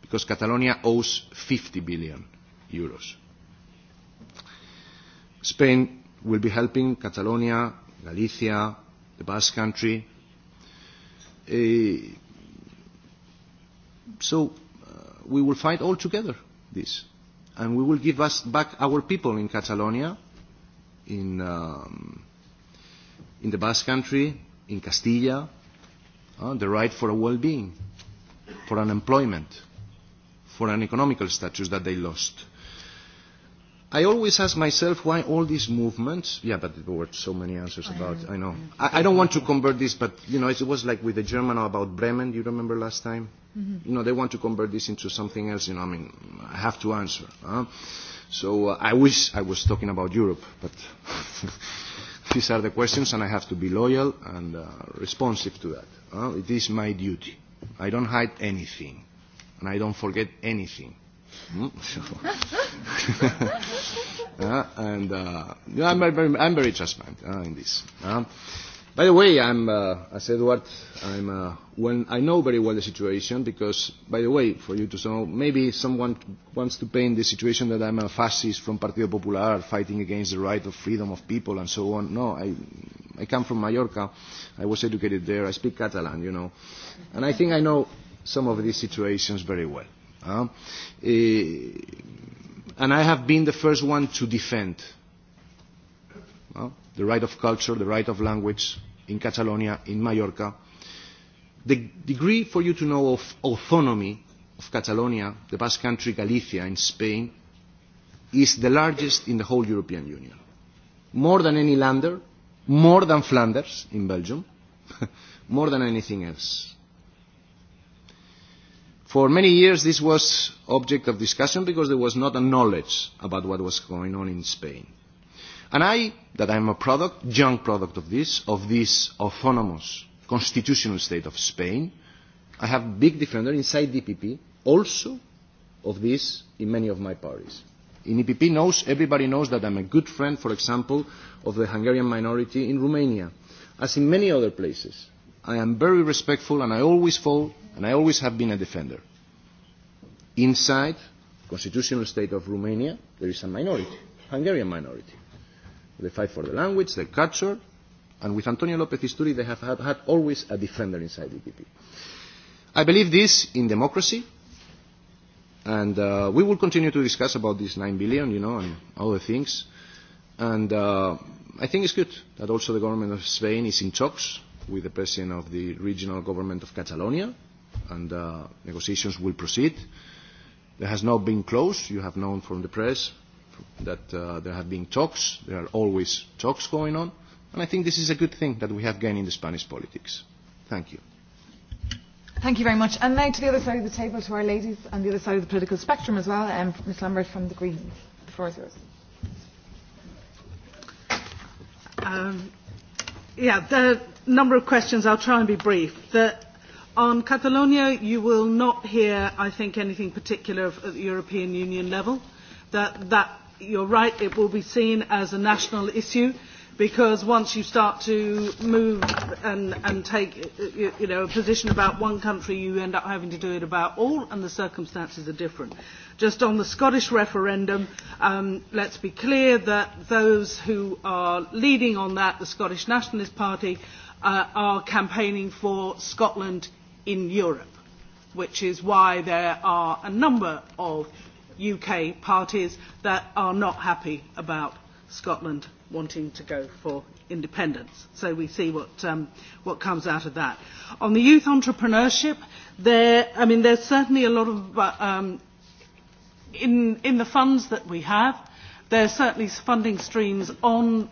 because Catalonia owes 50 billion euros. Spain will be helping Catalonia, Galicia, the Basque Country. Uh, so uh, we will fight all together this, and we will give us back our people in Catalonia, in um, in the Basque Country, in Castilla, uh, the right for a well-being, for an employment, for an economical status that they lost. I always ask myself why all these movements. Yeah, but there were so many answers I oh, about. Know. I know. I, I don't want to convert this, but you know, it was like with the German about Bremen. You remember last time? Mm-hmm. You know, they want to convert this into something else. You know, I mean, I have to answer. Huh? So uh, I wish I was talking about Europe, but (laughs) These are the questions, and I have to be loyal and uh, responsive to that. Uh, it is my duty. I don't hide anything, and I don't forget anything. Mm? (laughs) So (laughs) uh, and uh, yeah, I'm, very, I'm very transparent uh, in this. Uh, By the way, I'm, uh, as Edward, I'm, uh, when I know very well the situation because, by the way, for you to know, maybe someone wants to paint the situation that I'm a fascist from Partido Popular fighting against the right of freedom of people and so on. No, I, I come from Mallorca. I was educated there. I speak Catalan, you know. And I think I know some of these situations very well. Huh? Uh, and I have been the first one to defend uh, the right of culture, the right of language, in Catalonia, in Mallorca. The degree for you to know of autonomy of Catalonia, the Basque country, Galicia in Spain, is the largest in the whole European Union. More than any lander, more than Flanders in Belgium, (laughs) more than anything else. For many years this was object of discussion because there was not a knowledge about what was going on in Spain. And I, that I'm a product, young product of this, of this autonomous constitutional state of Spain, I have big defender inside DPP, also of this in many of my parties. In EPP knows, everybody knows that I'm a good friend, for example, of the Hungarian minority in Romania. As in many other places, I am very respectful and I always fall and I always have been a defender. Inside the constitutional state of Romania, there is a minority, Hungarian minority They fight for the language, the culture, and with Antonio López Isturi, they have, have had always a defender inside EPP. I believe this in democracy, and uh, we will continue to discuss about this 9 billion, you know, and other things. And uh, I think it's good that also the government of Spain is in talks with the president of the regional government of Catalonia, and uh, negotiations will proceed. There has not been close, you have known from the press, that uh, there have been talks. There are always talks going on. And I think this is a good thing that we have gained in the Spanish politics. Thank you. Thank you very much. And now to the other side of the table, to our ladies on the other side of the political spectrum as well, um, Ms Lambert from the Greens. The floor is yours. Um, yeah, the number of questions, I'll try and be brief. The, on Catalonia, you will not hear, I think, anything particular at the European Union level. That, that you're right, it will be seen as a national issue because once you start to move and, and take you, you know, a position about one country, you end up having to do it about all, and the circumstances are different. Just on the Scottish referendum, um, let's be clear that those who are leading on that, the Scottish Nationalist Party, uh, are campaigning for Scotland in Europe, which is why there are a number of UK parties that are not happy about Scotland wanting to go for independence. So we see what, um, what comes out of that. On the youth entrepreneurship, there, I mean, there's certainly a lot of, uh, um, in, in the funds that we have, there are certainly funding streams on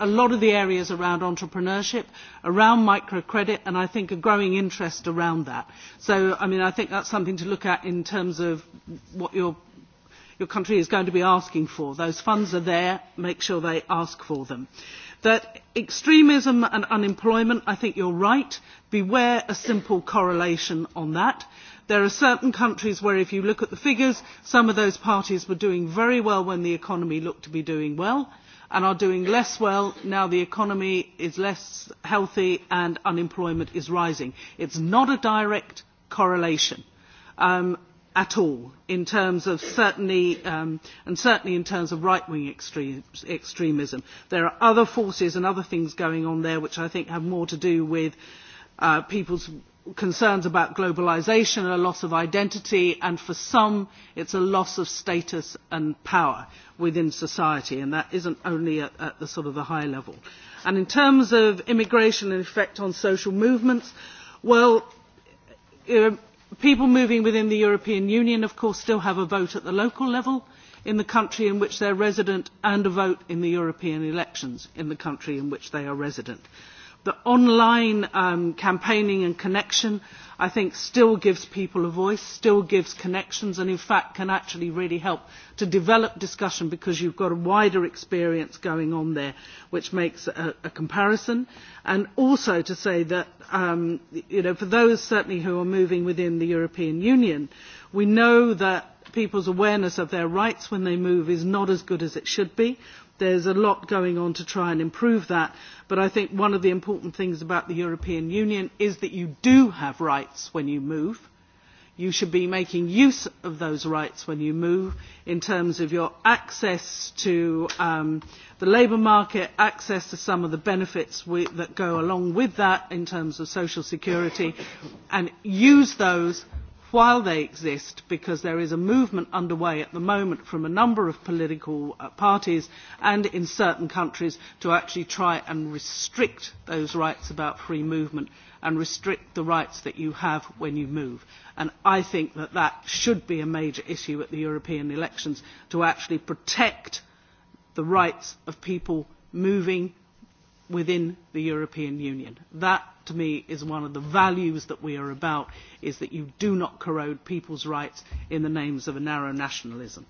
a lot of the areas around entrepreneurship, around microcredit, and I think a growing interest around that. So, I mean, I think that's something to look at in terms of what your, your country is going to be asking for. Those funds are there, make sure they ask for them. That extremism and unemployment, I think you're right. Beware a simple correlation on that there are certain countries where if you look at the figures some of those parties were doing very well when the economy looked to be doing well and are doing less well now the economy is less healthy and unemployment is rising. it is not a direct correlation um, at all in terms of certainly um, and certainly in terms of right wing extreme, extremism there are other forces and other things going on there which i think have more to do with uh, people's concerns about globalisation, a loss of identity, and for some it's a loss of status and power within society, and that isn't only at, at the sort of the high level. And in terms of immigration and effect on social movements, well, you know, people moving within the European Union, of course, still have a vote at the local level in the country in which they're resident and a vote in the European elections in the country in which they are resident. Uh, The online um, campaigning and connection, I think, still gives people a voice, still gives connections, and in fact can actually really help to develop discussion because you've got a wider experience going on there, which makes a, a comparison. And also to say that, um, you know, for those certainly who are moving within the European Union, we know that people's awareness of their rights when they move is not as good as it should be there's a lot going on to try and improve that. But I think one of the important things about the European Union is that you do have rights when you move. You should be making use of those rights when you move in terms of your access to um, the labour market, access to some of the benefits we, that go along with that in terms of social security, and use those while they exist because there is a movement underway at the moment from a number of political uh, parties and in certain countries to actually try and restrict those rights about free movement and restrict the rights that you have when you move. And I think that that should be a major issue at the European elections to actually protect the rights of people moving within the European Union. That, to me, is one of the values that we are about, is that you do not corrode people's rights in the names of a narrow nationalism.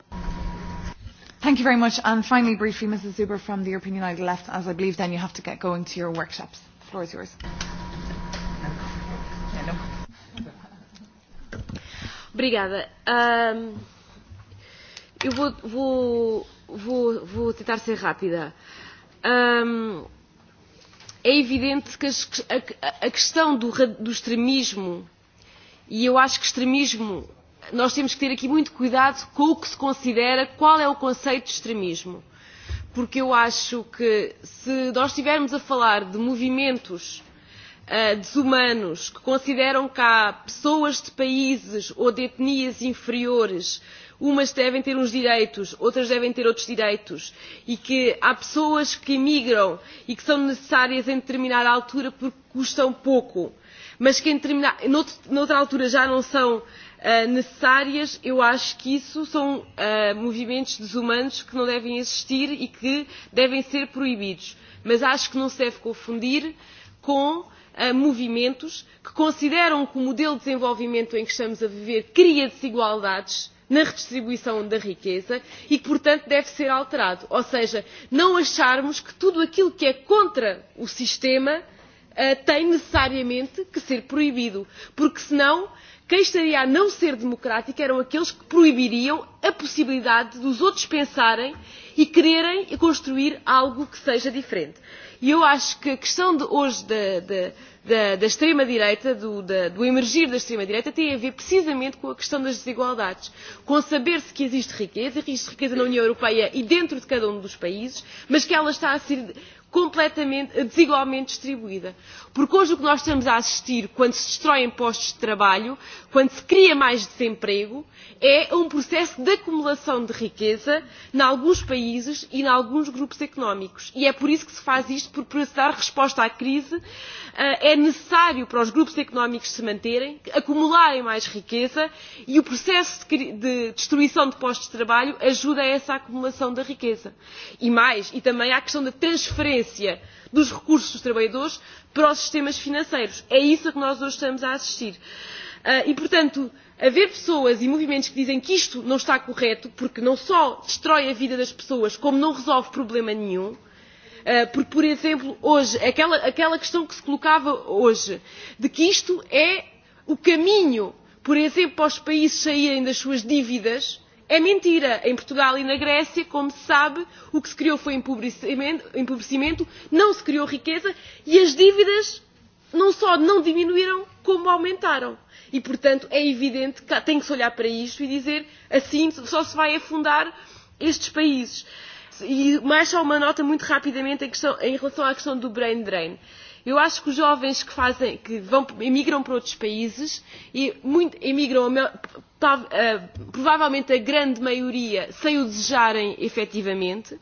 Thank you very much. And finally, briefly, Mrs Zuber from the European United Left, as I believe then you have to get going to your workshops. The floor is yours. Obrigada. Um, eu vou, vou, vou, vou tentar ser rápida. Um, é evidente que a, a questão do, do extremismo, e eu acho que extremismo, nós temos que ter aqui muito cuidado com o que se considera, qual é o conceito de extremismo. Porque eu acho que se nós estivermos a falar de movimentos uh, desumanos que consideram que há pessoas de países ou de etnias inferiores uh, umas devem ter uns direitos, outras devem ter outros direitos, e que há pessoas que emigram e que são necessárias em determinada altura porque custam pouco, mas que em determinada, noutro, noutra altura já não são uh, necessárias, eu acho que isso são uh, movimentos desumanos que não devem existir e que devem ser proibidos. Mas acho que não se deve confundir com a ah, movimentos que consideram que o modelo de desenvolvimento em que estamos a viver cria desigualdades na redistribuição da riqueza e que, portanto, deve ser alterado. Ou seja, não acharmos que tudo aquilo que é contra o sistema uh, tem necessariamente que ser proibido, porque senão uh, Quem estaria a não ser democrático eram aqueles que proibiriam a possibilidade dos outros pensarem e quererem construir algo que seja diferente. E eu acho que a questão de hoje da, da, da, da extrema-direita, do, da, do emergir da extrema-direita, tem a ver precisamente com a questão das desigualdades, com saber-se que existe riqueza, existe riqueza na União Europeia e dentro de cada um dos países, mas que ela está a ser completamente, eh, desigualmente distribuída. Porque hoje o que nós estamos a assistir quando se destroem postos de trabalho quando se cria mais desemprego, é um processo de acumulação de riqueza em alguns países e em alguns grupos económicos. E é por isso que se faz isto, porque para se dar resposta à crise eh, é necessário para os grupos económicos se manterem, acumularem mais riqueza e o processo de destruição de postos de trabalho ajuda a essa acumulação da riqueza. E mais, e também há a questão da transferência dos recursos dos trabalhadores para os sistemas financeiros. É isso a que nós hoje estamos a assistir. Uh, Ah, e portanto haver pessoas e movimentos que dizem que isto não está correto porque não só destrói a vida das pessoas como não resolve problema nenhum ah, porque por exemplo hoje aquela, aquela questão que se colocava hoje de que isto é o caminho por exemplo para os países saírem das suas dívidas é mentira. Em Portugal e na Grécia, como se sabe, o que se criou foi empobrecimento, empobrecimento não se criou riqueza e as dívidas não só não diminuíram, como aumentaram e, portanto, é evidente que tem que se olhar para isto e dizer assim só se vai afundar estes países. E mais só uma nota muito rapidamente em, questão, em relação à questão do brain drain. Eu acho que os jovens que, fazem, que vão, emigram para outros países, e muito, emigram provavelmente a grande maioria sem o desejarem efetivamente,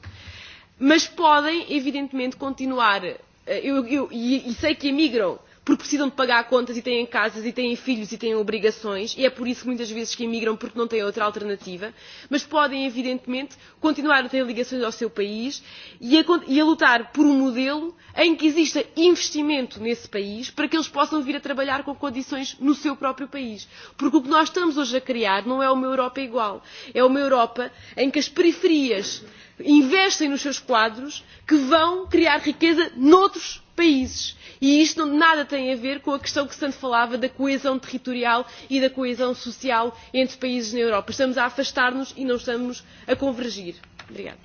mas podem, evidentemente, continuar. Eh, eu, eu, e, e sei que emigram uh, porque precisam de pagar contas e têm casas e têm filhos e têm obrigações e é por isso que muitas vezes que emigram porque não têm outra alternativa, mas podem evidentemente continuar a ter ligações ao seu país e a, e a lutar por um modelo em que exista investimento nesse país para que eles possam vir a trabalhar com condições no seu próprio país. Porque o que nós estamos hoje a criar não é uma Europa igual, é uma Europa em que as periferias investem nos seus quadros que vão criar riqueza noutros países. E isto nada tem a ver com a questão que tanto falava da coesão territorial e da coesão social entre países na Europa. Estamos a afastar-nos e não estamos a convergir. Obrigada.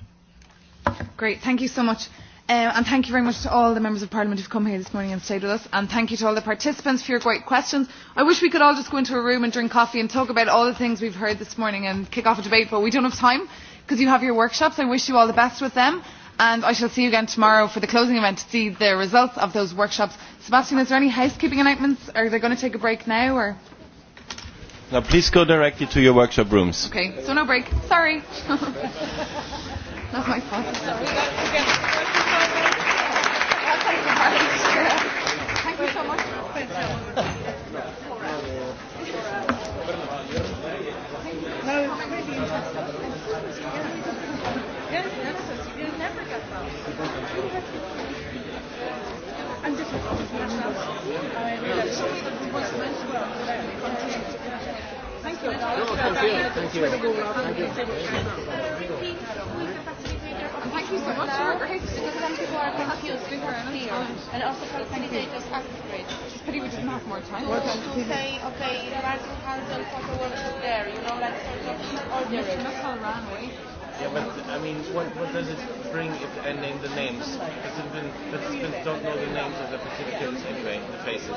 Great, thank you so much. Um, and thank you very much to all the members of parliament who've come here this morning and stayed with us. And thank you to all the participants for your great questions. I wish we could all just go into a room and drink coffee and talk about all the things we've heard this morning and kick off a debate, but we don't have time because you have your workshops. I wish you all the best with them and I shall see you again tomorrow for the closing event to see the results of those workshops. Sebastian, is there any housekeeping announcements? Are they going to take a break now? Or? Now please go directly to your workshop rooms. Okay, so no break. Sorry. That's (laughs) my fault. Thank you so much. Anche se fosse sulla Thank you. No, thank you. Thank you. Thank you. And thank you so much. You were great because some people are confused with her and here. And also for candidates are great. It's pity we didn't have more time. What to say, okay, in Martin Hansen, Kosovo is there, you know, like sort of ordinary. Missile ran away. Yeah, but I mean, what what does it bring if I name the names? Because it's been participants don't know the names of the participants anyway, the faces.